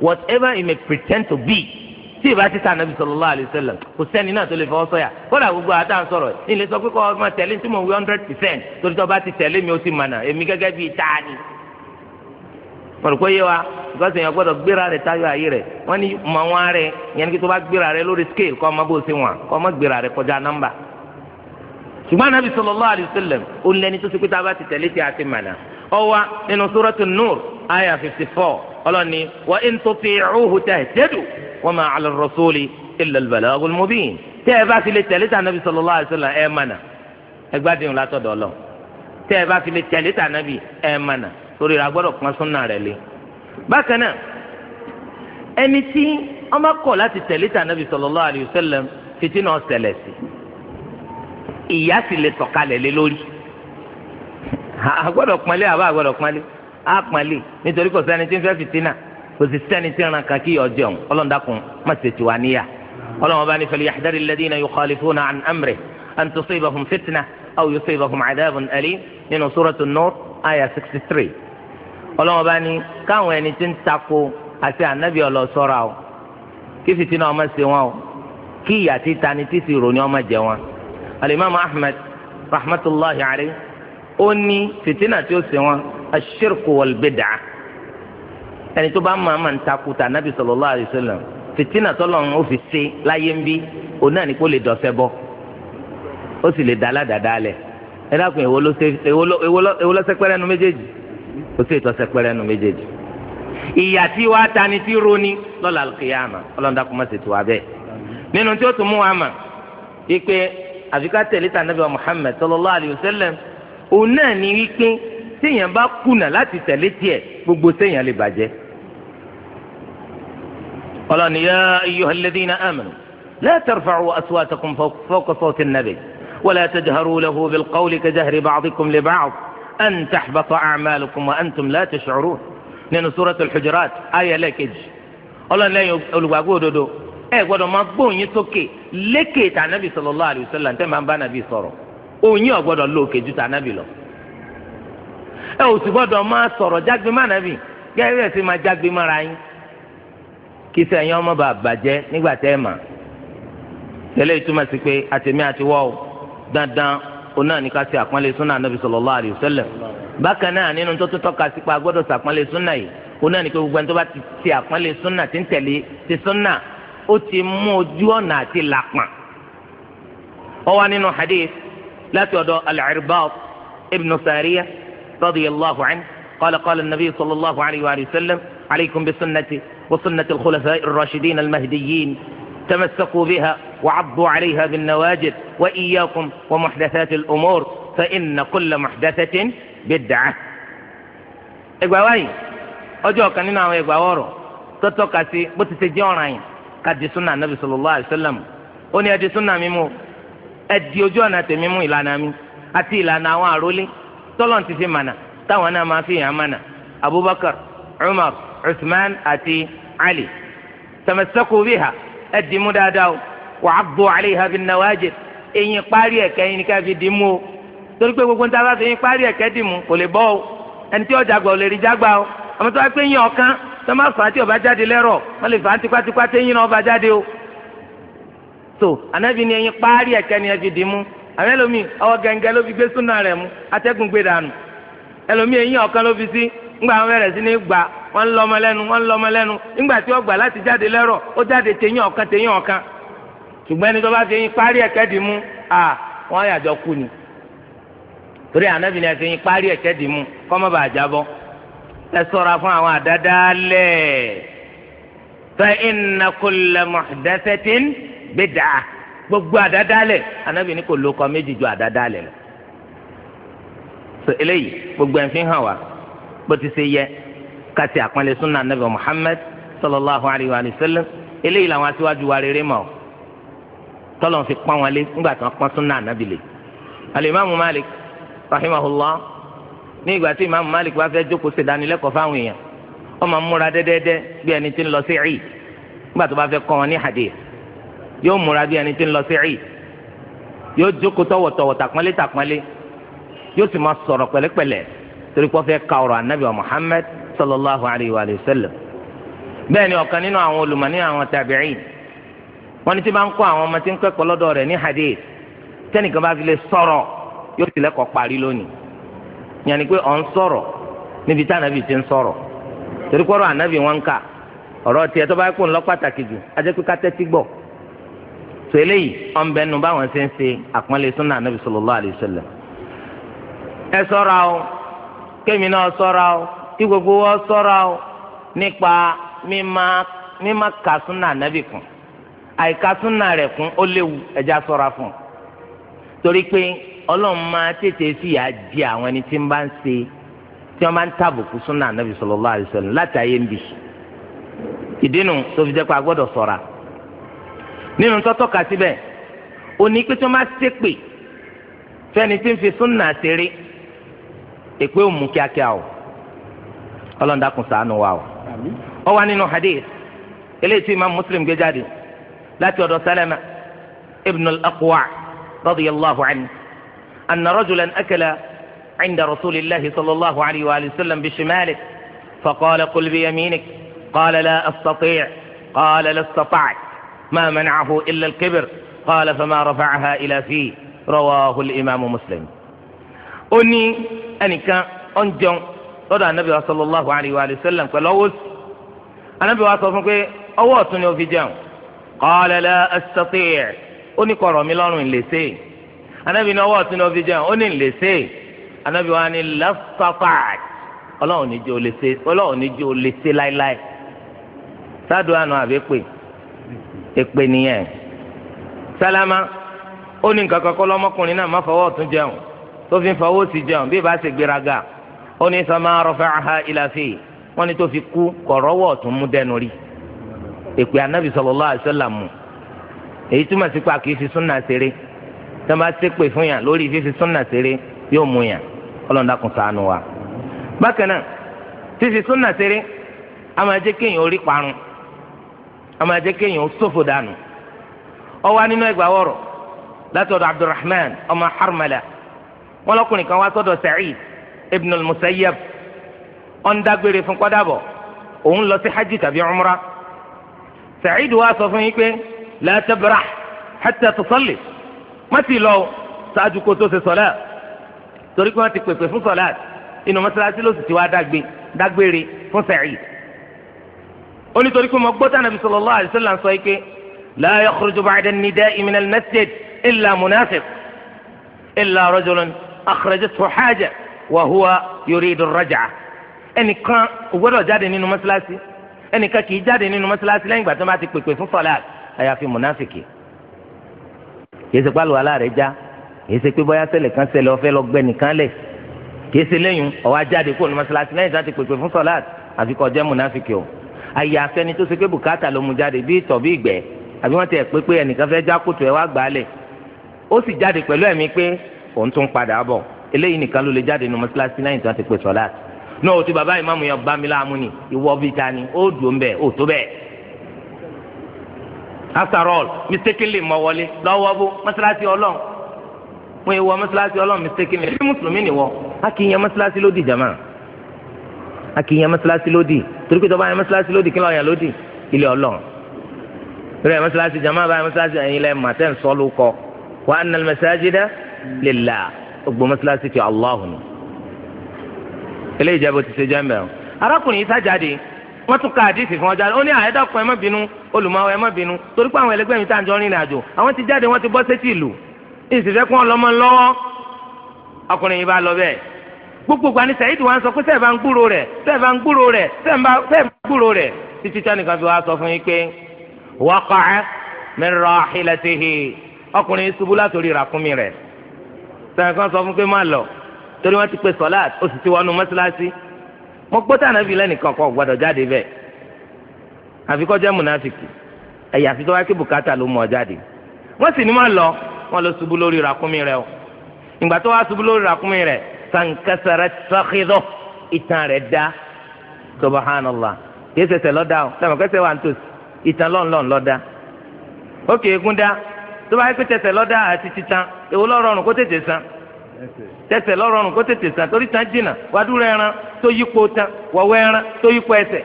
whatever he may pretend to be tí ìbá ti sànàbí sallallahu alayhi wa sallam kò sẹ́ni náà tó lè fọwọ́ sọ́yà kódà gbogbo àti à ilé sọ pé kọ́ ọ máa tẹ̀lé tí mo wí hundred percent torí tó bá ti tẹ̀lé mi ó ti mànà èmi gẹ́gẹ́ bíi táà ni wọn kò yé wa because èèyàn gbọ́dọ̀ gbéra rẹ̀ tayọ ayé rẹ̀ wọ́n ní mọ̀ wọn rẹ̀ yẹn ní kí tó bá gbéra rẹ̀ lórí scale kọ́ ọmọ bó ṣe wọn kọ́ ọmọ gbéra rẹ̀ kọjá nọ́mbà. ṣùgbọ́n anabi sallallahu alayhi wa sallam ó lẹ́ni tó ṣe pé tá a bá ti tẹ̀lé tí a ti mànà ọwa nínú suratu nur aya fifty four ọlọ́ni wa in tuti'uhu fi lè tẹ̀lé tí anabi sallallahu alayhi wa sallam torí ra gbọ́dọ̀ pọn súnà rẹ̀ lé bákan náà ẹni tí wọn bá kọ̀ láti tẹ̀lé tà nàbì sallallahu alayhi wa sallam títí náà ṣẹlẹ̀ sí ìyà sì lè sọ̀kalẹ̀ lé lórí àgbọ́dọ̀ pọnlé àbá àgbọ́dọ̀ pọnlé á pọnlé nítorí kò sẹ́ni tí ń fẹ́ fìtínà kò sì sẹ́ni tí ń ran kan kí ọjọ́ òun ọlọ́ndàkùn má ṣe tiwa níyà ọlọ́wọ́n bá ní falyahdhari alladhina yukhalifuna an amrihi an tusibahum fitnatun aw yusibahum adhabun alim nínú suratu an-nur aya 63 ọlọ́wọ́n bá ní káwọn ẹni tí ń tako àti ànábì ọlọ sọ́ra o kí fìtínà ọmọ ṣe wọn o kí ìyà tí tani tí sì ròyìn ọmọ jẹ wọn. alimami ahmed rahmatulahi alayhi ó ní fìtínà tí ó ṣe wọn aṣírkù wọlbẹdà ẹni tó bá máa máa ń tako tà ànábì sallallahu alayhi wasallam fìtínà tọ́lọ́run ó fi ṣe láyé ń bí òun náà ní kó lè dọ̀sẹ̀ bọ́ ó sì lè dá aládàá dálẹ̀ ẹ dákun èwo ló méjèèjì. kò sí ìtọ́sẹ̀ pẹ́rẹ́ nu méjèèjì ìyà tí wàá tani tí roni lọ́la kìyàmà ọlọ́dà kò má ṣètò wa bẹ́ẹ̀ nínú tí ó tún mú wa mà ipe àfikà tẹ̀lé tà nàbẹ̀ Muhammad sallallahu alayhi wa sallam òun náà ní wípé téèyàn bá kùnà láti tẹ̀lé tiẹ̀ gbogbo téèyàn lè bàjẹ́ ọlọ́ni yá ayyuhal ladhina amanu la tarfa'u aswatakum fawqa sawti an-nabi wa la tajharu lahu bil qawli ka jahri ba'dikum li ba'd. أن تحبط أعمالكم وأنتم لا تشعرون nínú suratul Hujurat ayé ẹlẹ́ẹ̀kejì ọlọ́run lẹ́yìn olùgbàgbọ́ òdodo ẹ gbọ́dọ̀ máa gbóhùn yín sókè lékè tà nábì sallallahu alaihi wasallam ẹ ò sì gbọ́dọ̀ máa sọ̀rọ̀ jágbe má nábì gẹ́gẹ́ ọmọ bá bàjẹ́ nígbà tẹ́ ẹ̀ mà tẹ́lẹ̀ ìtumọ̀ sí pé àtẹ̀mí dandan ko náà ní ká ṣe àpọ́nlé súnà nàbì sallallahu alaihi wasallam bákan náà nínú tó tún tọ́ka sípa gbọ́dọ̀ ṣàpọ́nlé súnà yìí òun náà ní pé gbogbo ẹni tó bá ti ṣe àpọ́nlé súnà tí ń tẹ̀lé ti súnà ó ti mú ojú ọ̀nà àti làpọ̀n. ó wá nínú hadith láti ọ̀dọ̀ ibnu sariya Sariyah yàlláhu anhu qala qala nabi sallallahu alaihi wa sallam alaykum bi sunnati wa sunnati al تمسكوا بها وعضوا عليها بالنواجذ وإياكم ومحدثات الأمور فإن كل محدثة بدعة إقباوي أجو كان هنا كاسي تتوكسي بتتجونين قد سنة النبي صلى الله عليه وسلم أني أدي سنة ميمو أدي أجوانا تميمو إلانا نامي أتي إلانا وارولي تلون تسمنا تاوانا ما فيها مانا أبو بكر عمر عثمان أتي علي تمسكوا بها ẹ dada mú dáadáa o wà á gbọ́ àlẹ́ ìhàbí nàwájẹ eyín parí ẹ̀kẹ́ yín ni ká fi dì o torí pé gbogbo níta bá fi eyín parí ẹ̀kẹ́ dì kò lè bọ́ o ẹni tí ọjà gbà lè rí jágbá o àmọ́ tó wá pé yín ọ̀kan tó má fà á tí ọba jáde lẹ́rọ̀ wọ́n lè fà á tipátipá tí eyín náà ọba jáde o tó ànábì ni parí ẹ̀kẹ́ ni ẹ fi wọ́n ń lọ́mọ lẹ́nu wọ́n ń lọ́mọ lẹ́nu nígbà tí ó gbà láti jáde lẹ́rọ̀ ó jáde tẹ̀yìn ọ̀kan tẹ̀yìn ọ̀kan ṣùgbọ́n ẹni tó bá fi yín parí ẹ̀kẹ́ dì mú à wọ́n yàjọ kú ni torí ànábì ni ẹ fi parí ẹ̀kẹ́ dì mú kọ́ mọ́ jábọ́ ẹ sọ̀ra fún àwọn àdádálẹ̀ fa inna kulla muhdathatin bid'ah gbogbo àdádálẹ̀ ànábì ni kò lóko méjì ju àdádálẹ̀ lọ so eléyìí gbogbo ẹ̀ fi hàn wá bó ti ṣe yẹ kasi àpọ́nlé suna anabi muhammed sallallahu alayhi wa sallam eléyìí làwọn aṣíwájú wa rere a tọ́lọ̀ fi pọ́n wọn lé fi tí wọ́n pọ́n suna anabi le. alimami malik rahimahullah ní ìgbà tí malik wá fẹ́ fáwọn èèyàn máa múra bí ẹni tí ń lọ sí ẹ̀yìn nígbà tó bá fẹ́ kọ́ wọn ní hadith yóò múra bí ẹni tí ń lọ sí yóò anabi wa muhammed sallallahu alayhi wa sallam bẹ́ẹ̀ ni ọ̀kan nínú àwọn olùmọ̀ nínú àwọn tabi'in wọ́n ní tí bá ń kọ́ àwọn ọmọ tí ń kẹ́kọ̀ọ́ lọ́dọ̀ rẹ̀ ti lẹ́kọ̀ọ́ parí lónìí yàní pé ọ̀ ń tó bá jù báwọn ṣe ń ṣe o kémi kí gbogbo wa ṣọ́ra o nípa mímá ka súnà ànábì kún rẹ̀ kún ó léwu ẹja ṣọ́ra fún un torí pé ọlọ́run máa tètè fìyà jẹ àwọn ẹni tí ń bá ń ṣe tí wọ́n bá ń tàbùkù súnà sọlọ sallallahu alaihi wasallam láti ayé ń bì ìdínú tó fi jẹ́ pé a gbọ́dọ̀ nínú tọ́tọ́ kà síbẹ̀ òní pé tí wọ́n bá fẹ́ni tí ń fi súnà ṣeré kíákíá o. ọlọ́run dákun ṣàánú wa o. ó wà nínú hadith eléyìí tí imam muslim gbé jáde láti ọ̀dọ̀ sálẹ́mà ibn al-aqwa radiyallahu anhu anna rajulan akala عند رسول الله صلى الله عليه وآله وسلم بشماله فقال قل بيمينك قال لا أستطيع قال لا استطعت ما منعه إلا الكبر قال فما رفعها إلى فيه رواه الإمام مسلم أني أني كان أنجم lọ́dọ̀ anabi wa sallallahu alayhi wa sallam pẹ̀lú ọwọ́ sí anabi wa sọ fún pé ọwọ́ ọ̀tún ni ó fi jẹun qala la astati' ó ní kọ̀rọ̀ mi lọ́rùn ìlẹsẹ anabi ní ọwọ́ ọ̀tún ni ó fi jẹun ó ní anabi wa ni lafafaat Ọlọ́run ní jẹ́ olèsè Ọlọ́run ní jẹ́ olèsè láéláé sádùn àná àbí pè èpè nìyẹn sálámà ó ní nǹkan kan kọ́ lọ́mọkùnrin náà má fọwọ́ ọ̀tún jẹun tó fi ń fọwọ́ sí jẹun bí ó ní sọmá rafa'aha ila fi wọ́n ní tó fi kú kọ̀rọ́wọ́ tún mú dẹnu rí èpè anábì sallallahu alaihi wasallam mú èyí túmọ̀ sí pé a kì í fi súnà ṣeré tó bá ṣépè fún yàn lórí fífi súnà ṣeré yóò mú yàn ọlọ́dà kún ṣàánú wa. bákan náà fífi súnà ṣeré a kéèyàn orí parun a kéèyàn sófò dànù ó nínú ẹgbà wọ̀rọ̀ látọ̀dọ̀ abdulrahman ọmọ harmala wọn lọkùnrin kan wá sọ́dọ̀ sa'id ibn al-musayyab ọ̀n dágbére fún kọ́dàbọ̀ òun lọ sí hajj tàbí umra sa'id wa sọ fún yín pé la tabrah hatta tusalli má ti lọ ṣáájú kó tó ṣe sọlá torí pé wọ́n ti pèpè fún sọlá inú mọ́sálásí ló sì ti wá dágbé dágbére fún sa'id ó ní torí pé mo gbọ́ tánàbí sallallahu alaihi wasallam sọ yín pé la yakhruju ba'da an-nida'i min al-masjid illa munafiq illa rajulun akhrajahu haja wa huwa yuridu ar-raj'a ẹnìkan kò gbọ́dọ̀ jáde nínú mọ́sálásí ẹnìkan kì í jáde nínú mọ́sálásí lẹ́yìn ìgbà tó bá ti pèpè fún sọ́láàt àyàfi mùnáfìkì kìí ṣe pálọ̀ aláàrẹ̀ já kìí ṣe pé bóyá ṣẹlẹ̀ kan ṣẹlẹ̀ ọ̀fẹ́ lọ gbẹ nìkan lẹ̀ kìí ṣe lẹ́yìn ó wá jáde kó ní mọ́sálásí lẹ́yìn tó ti pèpè fún sọ́láàt àfi kó jẹ́ mùnáfìkì o àyè àfẹni tó ṣe pé bùkátà ló mu jáde bíi tọ̀ bíi ìgbẹ́ àbí wọ́n ti ẹ̀ pé pé ẹnìkan fẹ́ já kùtù ẹ̀ wá gbà ó sì jáde pẹ̀lú ẹ̀mí pé òun tún padà bọ̀ eléyìí nìkan ló lè jáde nínú mọ́sálásí lẹ́yìn tí wọ́n ti pè sọ́lá náà o ti bàbá ìmáàmù yẹn bá mi láàmú ni ìwọ bíi ta ni ó dùn bẹ́ẹ̀ ó tó bẹ́ẹ̀. after all mistakenly mọ wọlé lọ́wọ́ bó mọ́sálásí ọlọ́run wọ́n yẹ wọ mọ́sálásí ọlọ́run mistakenly bí mùsùlùmí ni wọ́ a kì í yan mọ́sálásí lódì jàmá a kì í yan mọ́sálásí lódì torí pé tó bá yan mọ́sálásí lódì kí lọ́ọ́ yan lódì ilé ọlọ́run rẹ̀ mọ́sálásí jàmá báyìí gbogbo mọ́sálásí fi Allahu ni eléyìí jẹ́ bó ti ṣe jẹ́ mẹ́rin arákùnrin yìí sájáde wọ́n tún ka àdìsí fún ọjà ó ní àyẹ́dàkùn ẹ má bínú olùmọ̀wé ẹ má bínú torí pé àwọn ẹlẹgbẹ́ mi tá à ń jọ rìnrìn àjò àwọn ti jáde wọ́n ti bọ́ sétí ìlú ìsìfẹ́ kún ọlọ́mọ lọ́wọ́ ọkùnrin yìí bá lọ bẹ́ẹ̀ gbogbo gbani sẹ́yìdì wa ń sọ pé sẹ́ẹ̀ bá ń gbúrò rẹ̀ sẹ́ẹ̀ bá ń gbúrò rẹ̀ sẹ́ẹ̀ bá ń gbúrò rẹ̀ títí tani kan fi wá sọ̀rọ̀ kan sọ fún pé má lọ torí wọ́n ti pe sọ̀láàt ó sì ti wọnú mọ́ṣáláṣí mo gbọ́ tànà bí lẹ́nìkan kan gbọ́dọ̀ jáde bẹ́ẹ̀ àfi kó jẹ́ mùnàfìkì ẹ̀yà àfi tó wáyé kí bùkátà ló mọ̀ jáde wọ́n sì ní má lọ wọ́n lọ ṣubú lórí ràkúnmí rẹ̀ o ìgbà tó wá ṣubú lórí ràkúnmí rẹ̀ sankasara sakido ìtàn rẹ̀ dá subhanallah kìí ṣẹ̀ṣẹ̀ lọ́dá o sọ̀rọ̀ kẹsẹ̀ wà nítòsí ìtàn lọ́nlọ́n lọ́dá ókè egun dá tó bá yẹ kó ṣẹ̀ṣẹ̀ lọ́dá àti titan èwo lọ́rọ̀rùn kó tètè san tẹsẹ̀ lọ́rọ̀rùn kó tètè san torí tán jìnnà wàdúrà ẹran tó yípo tán wọ̀wọ́ ẹran tó yípo ẹsẹ̀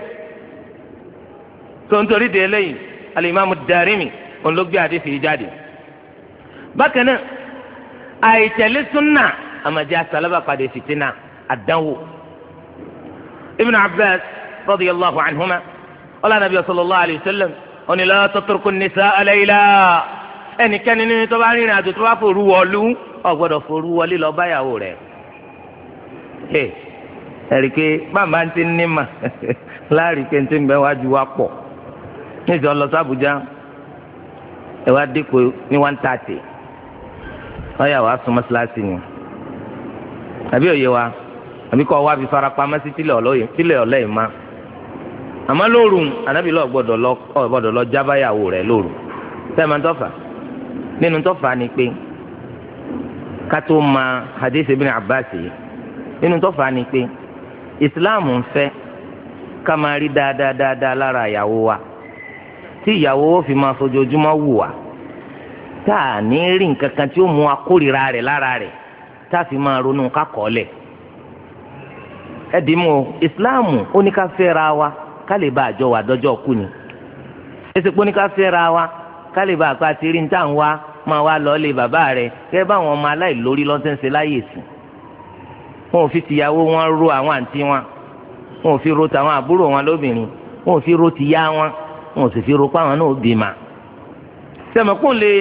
tó ń torí de eléyìí alimami darimi olóògbé àdéhìí jáde bákan náà àìtẹ̀lé súnà àmàjẹ́ asàlábà padà fìtínà àdánwò ibn abbas radiyallahu anhuma ọlọ́nàbí sallallahu alayhi wa sallam onílà tatruku nisaa layla. ẹnikẹ́ni nínú tó bá rìnrìn àjò tó bá forú wọlú ò forú wọlé lọ báyàwó rẹ̀ ẹ̀rí pé bàbá ti ní mà láàrin pé ti ń wájú wa pọ̀ níjọ lọ sí ẹ wá dínkù ní one thirty wa sún ni àbí òye wa àbí kọ́ wa fi fara pamọ́ sí tílẹ̀ àmọ́ lóru gbọ́dọ̀ lọ jábáyàwó nínú tó fà á ni pé kátó ma hadith ibn abbas yìí nínú tó fà á ni pé islam ń fẹ́ ká máa rí dáadáa dáadáa lára ìyàwó wa tí ìyàwó ó fi máa fojoojúmọ́ wù wá tá a ní rí nǹkan kan tí ó mú akórira rẹ̀ lára rẹ̀ tá a fi máa ronú kákọ́ọ́lẹ̀ ẹ o islam ó ní wa ká lè bá àjọ wà dọ́jọ́ kú ni èsì pé ó ní wa kálíbà àpá ti rí níta ń wá máa wá lọ lé bàbá rẹ̀ kẹ́ báwọn ọmọ aláìlórí lọ́sẹ̀ǹsẹ̀ láyè sí wọn ò fi tìyàwó wọn ro àwọn àǹtí wọn wọn ò fi ro tàwọn àbúrò wọn lóbìnrin wọn ò fi ro tìyá wọn wọn ò sì fi ro páwọn náà bímọ sẹmọkùn lè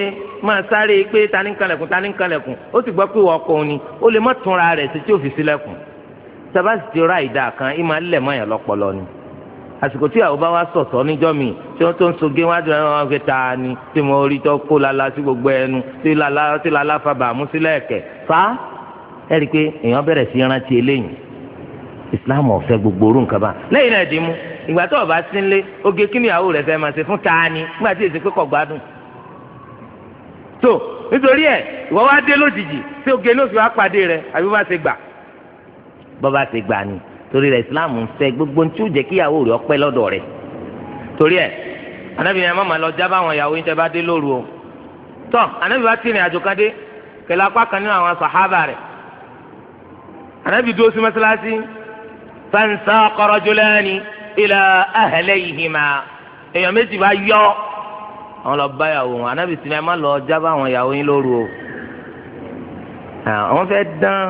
máa sáré pé tani ń kalẹ̀kùn tani ń kalẹ̀kùn ó sì gbọ́ pé wọ́n kọ́ òun ni ó lè má túnra rẹ̀ sí tí ó fi sílẹ̀kùn sábà ti ra ìdá kan ìmọ̀ alẹ́ mọ́ yẹn lọ́pọ̀lọ́ ni àsìkò tí àwọn bá wá sọ̀tọ̀ níjọ́ mi tí wọ́n tó ń so gé wájú ẹ̀rọ wọn fi ta ni tí mo rí tó kó lala sí gbogbo ẹnu tí lala fa bàmú sílẹ̀ ẹ̀kẹ́ fa ẹ̀ rí i pé èèyàn bẹ̀rẹ̀ sí rántí eléyìí Islam ọ̀fẹ́ gbogbo orú nǹkan bá lẹ́yìn náà dì í mú ìgbà tó o bá sí nílé oge kí níyàwó rẹ̀ fẹ́ máa ṣe fún ta ni nígbà tí èsì pé kò gbádùn tó nítorí ẹ ìwọ wá dé lójijì tí oge ní torí rẹ̀ islam ń fẹ́ gbogbo ní tí ó jẹ́ kí ìyàwó rẹ̀ ọpẹ́ lọ́dọ̀ rẹ̀ torí ẹ̀ anabi ni ẹ má ma lọ jábá àwọn ìyàwó yín tẹ́ bá dé lóru o tọ anabi bá tìrìn àjò kan dé kẹlẹ apá kan nínú àwọn sàhábà rẹ̀ anabi dúró sí mọ́sálásí fansa kọrọjúlẹ́ni ilà ahẹ́lẹ́ yìí mà èèyàn méjì bá yọ àwọn lọ bá ìyàwó wọn anabi sì ẹ má lọ jábá àwọn ìyàwó yín lóru o àwọn fẹ́ dán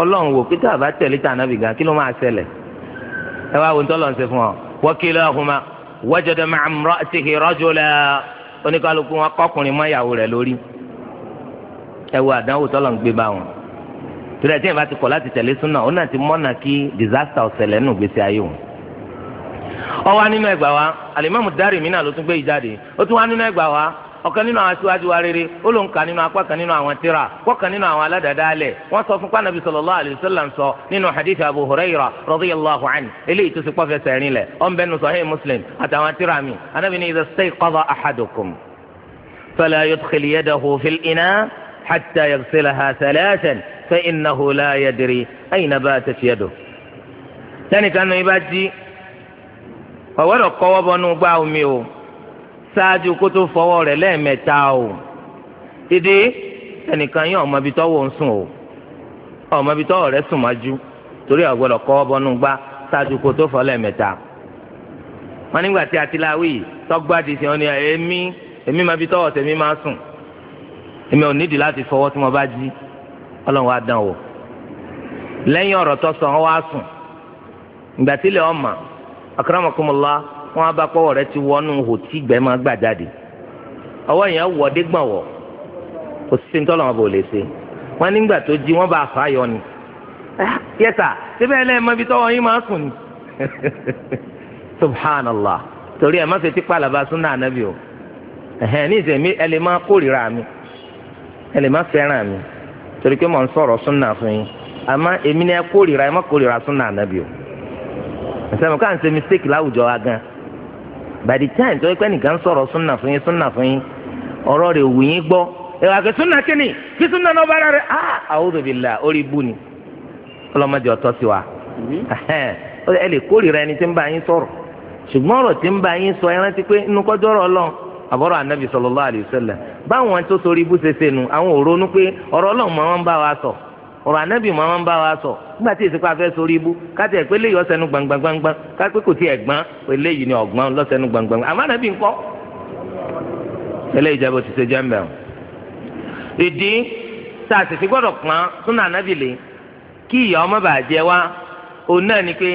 ọlọ́run wò pé tá a bá tẹ̀lé tá a nàbì gan kí ló máa ṣẹlẹ̀ ẹ wá wo ní tọ́lọ̀ ń ṣe fún ọ. wakilahuma wajada ma'a imra'atihi rajula oníkálukú wọn kọkùnrin mọ́ ìyàwó rẹ̀ lórí ẹ wo àdánwò tọ́lọ̀ ń gbé bá wọn. tìrẹ̀ tí ìbá ti kọ̀ láti tẹ̀lé súnà ó náà ti mọ́nà kí disaster ọ̀sẹ̀lẹ̀ nù gbèsè ayé wọn. ó wá nínú ẹgbàá wa alimami dari mina ló tún gbé yìí jáde ó tún wá nínú ẹgbàá wa ọ̀kan nínú àwọn aṣíwájú wa rere ó ló ń kà nínú apá kan nínú àwọn tírà kọ́kan nínú àwọn aládàádáalẹ̀ wọ́n sọ fún pàànàbí sallallahu alayhi wa sallam sọ nínú hadith abu huraira radiyallahu anhu eléyìí tó ti pọ́fẹ́ sẹ́rin lẹ̀ ọ̀nbẹ́nu sahih muslim àtàwọn tírà mi anábì ní idha stayqadha ahadukum fala yudkhil yadahu fil ina hatta yaghsilaha thalathan fa innahu la yadri ṣáájú kó tó fọwọ́ rẹ̀ lẹ́ẹ̀mẹ́ta o dídí ẹnìkan yín ọmọ ibi tọ́wọ́ ń sùn o ọmọ ibi tọ́wọ́ rẹ̀ sùn májú torí ọ̀gbọ́dọ̀ kọ́ bọ́nú gbá ṣáájú kó tó fọ́ lẹ́ẹ̀mẹ́ta wọn nígbà tí atiláwì tọ́gbàdì sí wọn ni èmi èmi máa bi tọ́wọ́ tèmi máa sùn èmi ò nídìí láti fọwọ́ tí mo bá jí ọlọ́run wa dán o lẹ́yìn ọ̀rọ̀ tó sọ wọn wá sùn ìgbà tí ilẹ̀ ọmọ wọn bá pọ́wọ́ rẹ ti wọnú hò tí gbẹ́ máa gbà jáde ọwọ́ yẹn wọ̀ dé gbọ̀n wọ̀ kò sí ní tọ́lọ́mọ bò lè ṣe wọn nígbà tó jí wọn bá a fà á yọ ni yẹta síbẹ̀ ẹ lẹ́ẹ̀mọ́ ibi tọ́wọ́ yín máa sùn ni subhanallah torí ẹ̀ má fi tipa làbá súnà ànábì o ẹ̀hẹ́n ní ìsẹ̀mí ẹ lè má kórìíra mi ẹ lè má fẹ́ràn mi torí pé mò ń sọ̀rọ̀ súnà fún yín àmọ́ èmi ni ẹ kórìíra ẹ má kórìíra súnà ànábì o ẹ̀sẹ̀ mi káà ń ṣe mistake láwùjọ wa gan-an by the time tó yẹ pé nìkan sọ̀rọ̀ súnà fún yín súnà fún yín ọ̀rọ̀ rẹ̀ wù yín gbọ́ ẹ wà súnà kí súnà náà bá rẹ̀ ah bú ni ọlọ́mọdé mhm. tí ń bá yín sọ̀rọ̀ ṣùgbọ́n ọ̀rọ̀ tí ń bá yín sọ pé kọjọ́ ọ̀rọ̀ ọlọ́run àbọ̀rọ̀ báwọn tó ṣe ṣe àwọn ọ̀rọ̀ anábì mọ́ máa ń bá wa sọ nígbà tí èsì pa fẹ́ sórí ibú káti ẹ̀ pé léyìí ọ̀sẹ̀nu gbangbangba káti kò tí ẹ̀ gbọ́n pé léyìí ni ọ̀gbọ́n lọ́sẹ̀nu gbangbangba àmọ́ anábì ń kọ́ eléyìí jábọ̀ ti ṣe jẹ́mbẹ̀ o. ìdí tá a sì fi gbọ́dọ̀ pọ́n súnà anábì lè kí ìyá ọmọ bàá jẹ wá òun náà ni pé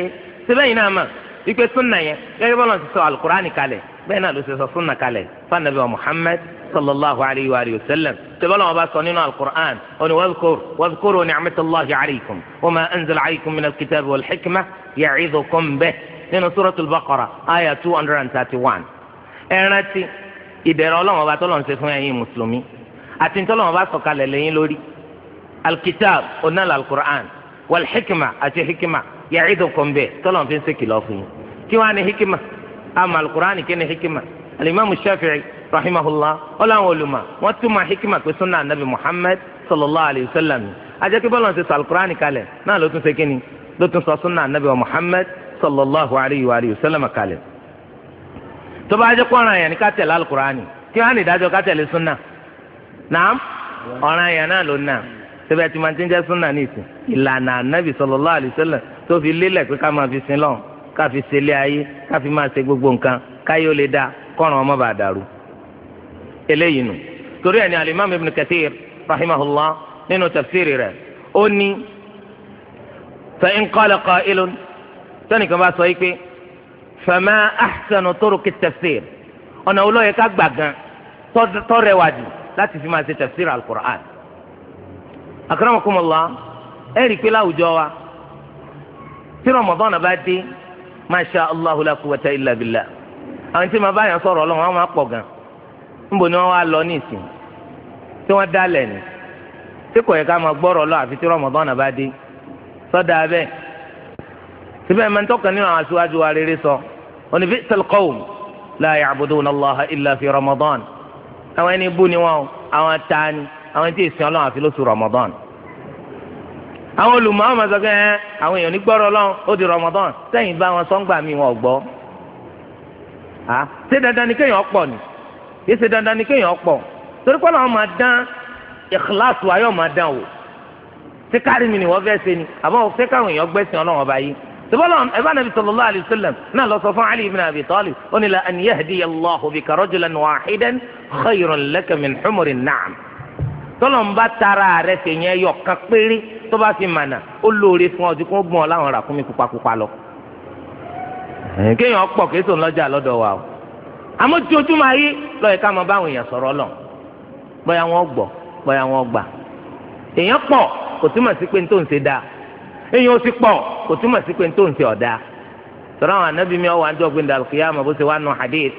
sẹ́bẹ̀yìn náà mà wípé súnà yẹn gẹ́gẹ́ bọ́lá ti sọ alukurani kalẹ̀ bẹ́ẹ̀ náà ló ti sọ súnà kalẹ̀ fún anábì wa Muhammad sallallahu alayhi wa sallam tẹ́bọ́lá wọn bá sọ nínú alukur'an oní wàzkur wàzkuru ni'matulahi alaykum wàmà anzal alaykum minal kitabi wal xikma yacidukum bẹ́ẹ̀ nínú suratul baqara aya two hundred and thirty one ẹ rántí ìdẹ̀rẹ̀ ọlọ́wọ́n bá tọ́lọ̀ ń ṣe fún ẹ̀yin mùsùlùmí àti tọ́lọ̀wọ́n bá sọ̀kalẹ̀ lẹ́yìn lórí alkitab onal alqur'an wal hikima àti hikima ya'idukum bi tọ́lọ̀ fi ń ṣe kìlọ̀ fún yín kí wàá ní hikima àmọ́ alqur'an kí ni hikima alimami shafi'i rahimahullah ọlọ́run olùmọ̀ wọ́n túmọ̀ hikima pé sunna anabi muhammed sallallahu alayhi wa sallam ajẹ́kí bọ́lá ti sọ alukur'ani kalẹ̀ náà ló tún ṣe kíni ló tún sọ sunna anabi wa muhammed sallallahu alayhi wa sallam kalẹ̀ tó bá ajẹ́ kọ́ran yẹn ni ká tẹ̀lé alukur'ani kí wọ́n á ní ìdájọ́ ká tẹ̀lé sunna naam ọ̀ràn yẹn náà ló ná tẹ́bí ẹtì máa ti ń jẹ́ sunna ní ìsìn ìlànà anabi sallallahu alayhi wa sallam tó fi lélẹ̀ pé ká máa fi eléyìí nù torí ẹni alimami ibn kathir rahimahullah nínú tafsiri rẹ̀ ó ní fa in qala qa'ilun tẹnìkan bá sọ yìí pé fama ahsanu turuqi tafsir ọ̀nà olóyè ká gbàgán tọ́rẹwà jù láti fi máa ṣe tafsir al-Qur'an akramakumullah ẹ rí i pé láwùjọ wa tí Ramadan bá dé masha Allahu la illa billah àwọn tí ma bá yàn sọ̀rọ̀ Ọlọ́run àwọn máa pọ̀ gan níbo ni wọ́n wá lọ ní ìsìn tí wọ́n dálẹ̀ ni tí kò yẹ ká máa gbọ́rọ̀ lọ àfi tí rọmọbọ́nà bá dé sọ́dà abẹ́ síbẹ̀ máa ń tọ́ka nínú àwọn aṣáájú wa rere sọ òní fi sẹlẹ̀kọ́wò la ya'buduna Allaha illa fi rọmọbọ́n àwọn ẹni bú ni wọn o àwọn taani àwọn tí ìsìn ọlọ́run àfi lóṣù rọmọbọ́n àwọn olùmọ̀ àwọn máa ẹ àwọn èèyàn ní gbọ́rọ̀ lọ́n ó di rọmọbọ́n sẹ́yìn bá wọn sọ́ngbà mi wọn gbọ́ ṣé dandan ni kéèyàn pọ̀ ni kì í ṣe dandan ni kéèyàn pọ̀ torí pé làwọn máa dán ìkíláàsì wa yóò máa dán o ṣé kárí mi ni wọ́n fẹ́ ṣe ni àbọ̀ fẹ́ káwọn èèyàn gbẹ́sìn ọlọ́run ọba yìí tibọ́lọ̀ ẹ̀bá nàbì sallallahu alayhi wa sallam náà lọ sọ fún ali ibn abi talib ó ní la an yahdiya allahu bika rajulan wahidan khayrun laka min humurin na'am tọ́lọ̀ ń bá tara rẹ̀ ṣèyẹn yọ kan péré tó bá fi mànà ó lóore fún ọdún kó gbọ́n ọ láwọn rà fún mi pupapupa lọ. kéèyàn pọ̀ késo ńlọ́jà lọ́dọ̀ wa o. àmọ́ tí ojú máa yí yi ká máa bá àwọn èèyàn sọ̀rọ̀ lọ bóyá wọ́n gbọ́ bóyá wọn gbà èèyàn pọ̀ kò túmọ̀ sí pé ní tó ń ṣe dáa èèyàn ó sì pọ̀ kò túmọ̀ sí pé ní tó ń ṣe ọ̀dà sọ̀rọ̀ àwọn anábì mi ọ̀wọ́ àjọ gbẹ̀ndà kìyàmọ̀ bó ṣe wá nù hadith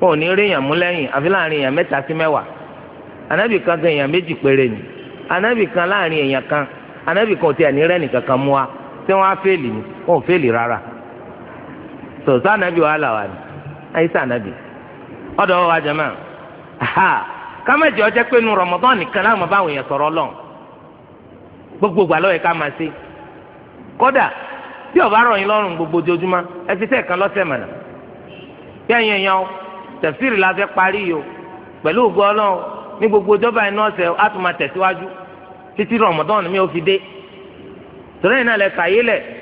wọn ò ní rí èèyàn mú lẹ́yìn àfi láàrin èèyàn mẹ́ta sí mẹ́wàá anábì kan gan èèyàn méjì péré ni anábì kan láàrin èèyàn kan anábì kankan mú ayisa anabi ọdọ wa jama ha kámẹjọ jẹ pé nu Ramadan nìkan láwọn bá àwọn èèyàn sọ̀rọ̀ Ọlọ́run gbogbo gbà lọyẹ ká máa ṣe kódà tí ọba rọ yín lọ́rùn gbogbo ojoojúmọ́ ẹ fi sẹẹkan lọ́sẹ̀ mọnà bí ẹ̀yin o tẹfsiri la parí yìí o ní gbogbo á tún máa títí mi ò fi dé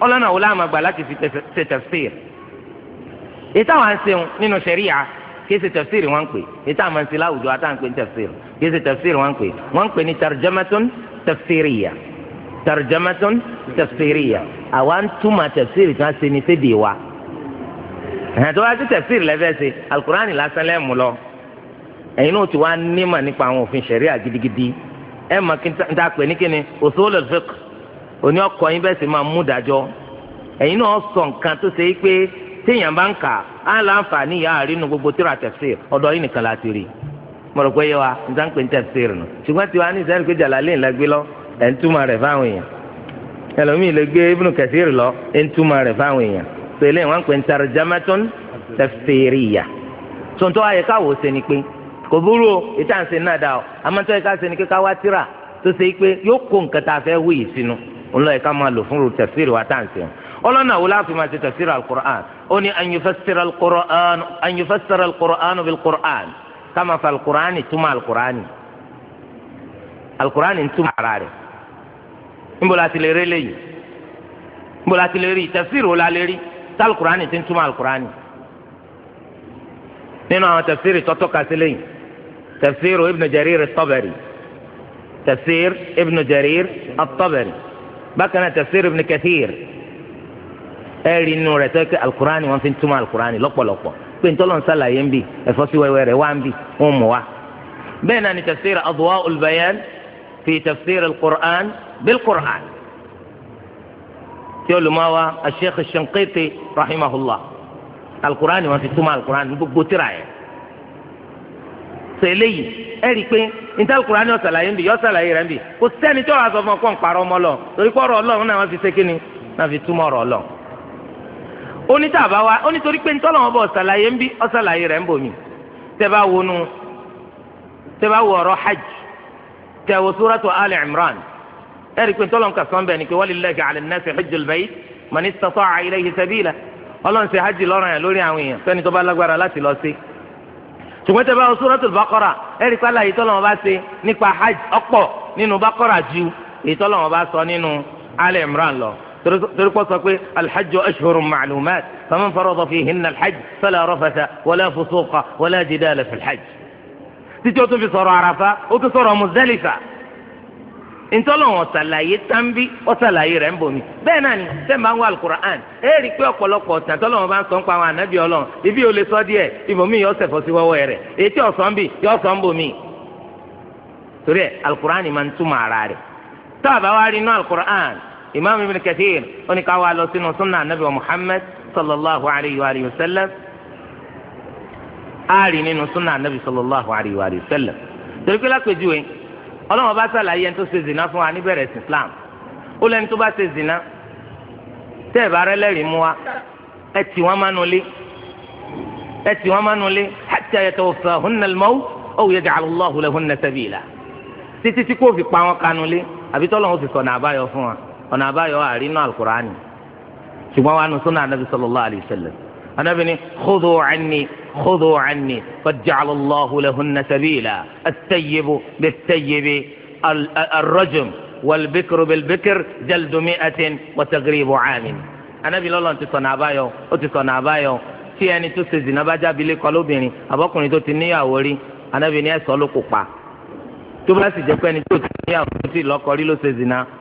ọlọ́nà wo láàmà gbà láti fi ṣe tafsir ètò àwọn àṣeun nínú sẹ̀ríyà kìí ṣe tafsir wọn pè ètò àwọn àṣe láwùjọ àtàǹpé ní tafsir kìí ṣe tafsir wọn pè wọn pè ní tarjamatun tafsiriya tarjamatun tafsiriya àwa ń túmọ̀ tafsir tí wọ́n ṣe ní sédè wa ẹ̀hìn tó bá ti tafsir lẹ́fẹ́ ṣe alukurani lásán lẹ́mu lọ ẹ̀yin náà ti wá nímọ̀ nípa àwọn òfin sẹ̀ríyà gidigidi ẹ̀ mọ̀ kí n oní ọkọ yín bẹ́ẹ̀ sì máa mú dájọ́ ẹ̀yin náà sọ nǹkan tó ṣe é pé téèyàn bá ń kà á láǹfààní ìyá àrínú gbogbo tíra ọ̀dọ̀ nìkan láti rí mo rò pé yẹ wa n ta ń pè ní tafsir ṣùgbọ́n tiwa ní ìsẹ́yìn pé lọ ẹ̀ ń túmọ̀ rẹ̀ fáwọn èèyàn ẹlòmíì lè gbé lọ ẹ̀ ń túmọ̀ rẹ̀ fáwọn èèyàn pèlè pè tíra ńlọ yìí ká máa lò fún tafsir wa táǹsì ọlọ́nà wo láti máa ṣe tafsir al-Qur'an ó ní an yufassira al-Qur'an an yufassira al-Qur'an bil-Qur'an ká máa fa al-Qur'an túmọ̀ al-Qur'an al-Qur'an túmọ̀ ara rẹ̀ níbo la ti lè rí léyìí níbo la ti lè rí tafsir wo la lè rí tá al ti túmọ̀ al nínú àwọn tafsir tọ́tọ́ka sí léyìí tafsir Ibn Jarir at-Tabari tafsir Ibn Jarir bákan náà tẹsí tafsir kẹsíir ẹ rí inú rẹ̀ tẹ́ pé alukurani wọ́n fi ń túmọ̀ alukurani lọ́pọ̀lọpọ̀ pé ntọ́lọ̀ ń sàlàyé ń bì ẹ̀fọ́ sí wẹ́wẹ́ rẹ̀ wá ń bì wọ́n mú wa. bẹ́ẹ̀ náà ni tesi re odun wa olubeyen fi tẹsí tafsir alukuran bilkuran tí olùmọ̀wá asheikh shanqiti rahimahullah alukurani wọ́n fi túmọ̀ alukurani gbogbo tírà yẹn. sọ eléyìí ẹ rí i pé ìtàkùrá ni ọ̀sàlàyé ń bì yọ̀sàlàyé rẹ̀ ń bì kò sẹ́ni tó wàá sọ fún ọ kó ń parọ́ ọmọ lọ torí pé ọ̀rọ̀ ọlọ́run náà wọ́n fi ṣe kíni náà fi túmọ̀ ọ̀rọ̀ ọlọ́run. onítàbá wa onítorí pé ntọ́lọ́wọ́n bọ̀ ọ̀sàlàyé ń bì ọ̀sàlàyé rẹ̀ ń bò mí tẹ́bá wo nu tẹ́bá wo ọ̀rọ̀ hajj tẹ́wò súrátù ali imran ẹ rí i pé ntọ́lọ́wọ́n kà sọ́n bẹ́ẹ̀ ni pé walillahi ala nnasi ṣùgbọ́n tẹ́ bá wọ suratul baqara ẹ̀rí pálá èyí tọ́lọ́wọ́n bá ṣe nípa hajj ọ̀pọ̀ nínú baqara ju èyí tọ́lọ́wọ́n bá sọ nínú alẹ́ imran lọ torí kọ́ sọ pé alhajj ashhurun ma'lumat faman farada fihinna alhajj fala rafatha wala fusuqa wala jidala fil hajj títí ó tún fi sọ̀rọ̀ àràfà ó tún sọ̀rọ̀ muzdalifa ntọ́lọ́wọ̀n ọ̀sàlàyé tánbí ọ̀sàlàyé rẹ̀ ń bomi bẹ́ẹ̀ náà ni sẹ́ẹ̀ máa ń wá alukur'an ẹ rí i pé ọ̀pọ̀lọpọ̀ ọ̀sàn tọ́lọ́wọ̀n bá ń sọ ń pa àwọn ànábì ọlọ́run ibi ò lè sọ díẹ̀ ibòmí yọ sẹ̀fọ́ sí wọ́wọ́ rẹ̀ etí ọ̀sán bì yọ sọ́n bomi. torí ẹ alukur'an máa ń túmọ̀ ara rẹ̀ tá a bá wá rí inú alukur'an imaamu ibn kathir ó muhammad sallallahu alayhi wa sallam á rí nínú sallallahu alayhi wa sallam torí pé ọlọ́wọ́n bá sàlàyé ẹni tó ṣe zina fún wa níbẹ̀rẹ̀ sí islam ó lẹ́ni tó bá ṣe zina tẹ́ ẹ̀ bá rẹ́ lẹ́rìí mú wa ẹ tì wọ́n mánu lé ẹ tì wọ́n mánu lé hatta yatawaffahunna al-mawt aw yaj'ala Allahu lahunna sabila títí tí kò fi pa wọn kanu lé àbí tọ́lọ́wọ́n fi sọ̀nà àbáyọ fún wa ọ̀nà àbáyọ àrínú al ṣùgbọ́n wa nù sunnah Nabi sallallahu alayhi wa anabi ni khudhu anni khudhu anni qad ja'ala Allahu lahunna sabila at-tayyibu bit-tayyibi ar-rajm wal-bikru bil-bikr jaldu mi'atin wa tagribu 'amin anabi lọ́lọ́ ti sọ̀nà àbáyọ ó ti sọ̀nà àbáyọ tí ẹni tó ṣe zina bá jábìlẹ̀ kọ́ lóbìnrin tó ti níyàwó rí anabi ni ẹ̀sọ́ ló kópa tó bá sì jẹ́ pé ẹni tó ti níyàwó tó ti rí ló ṣe zina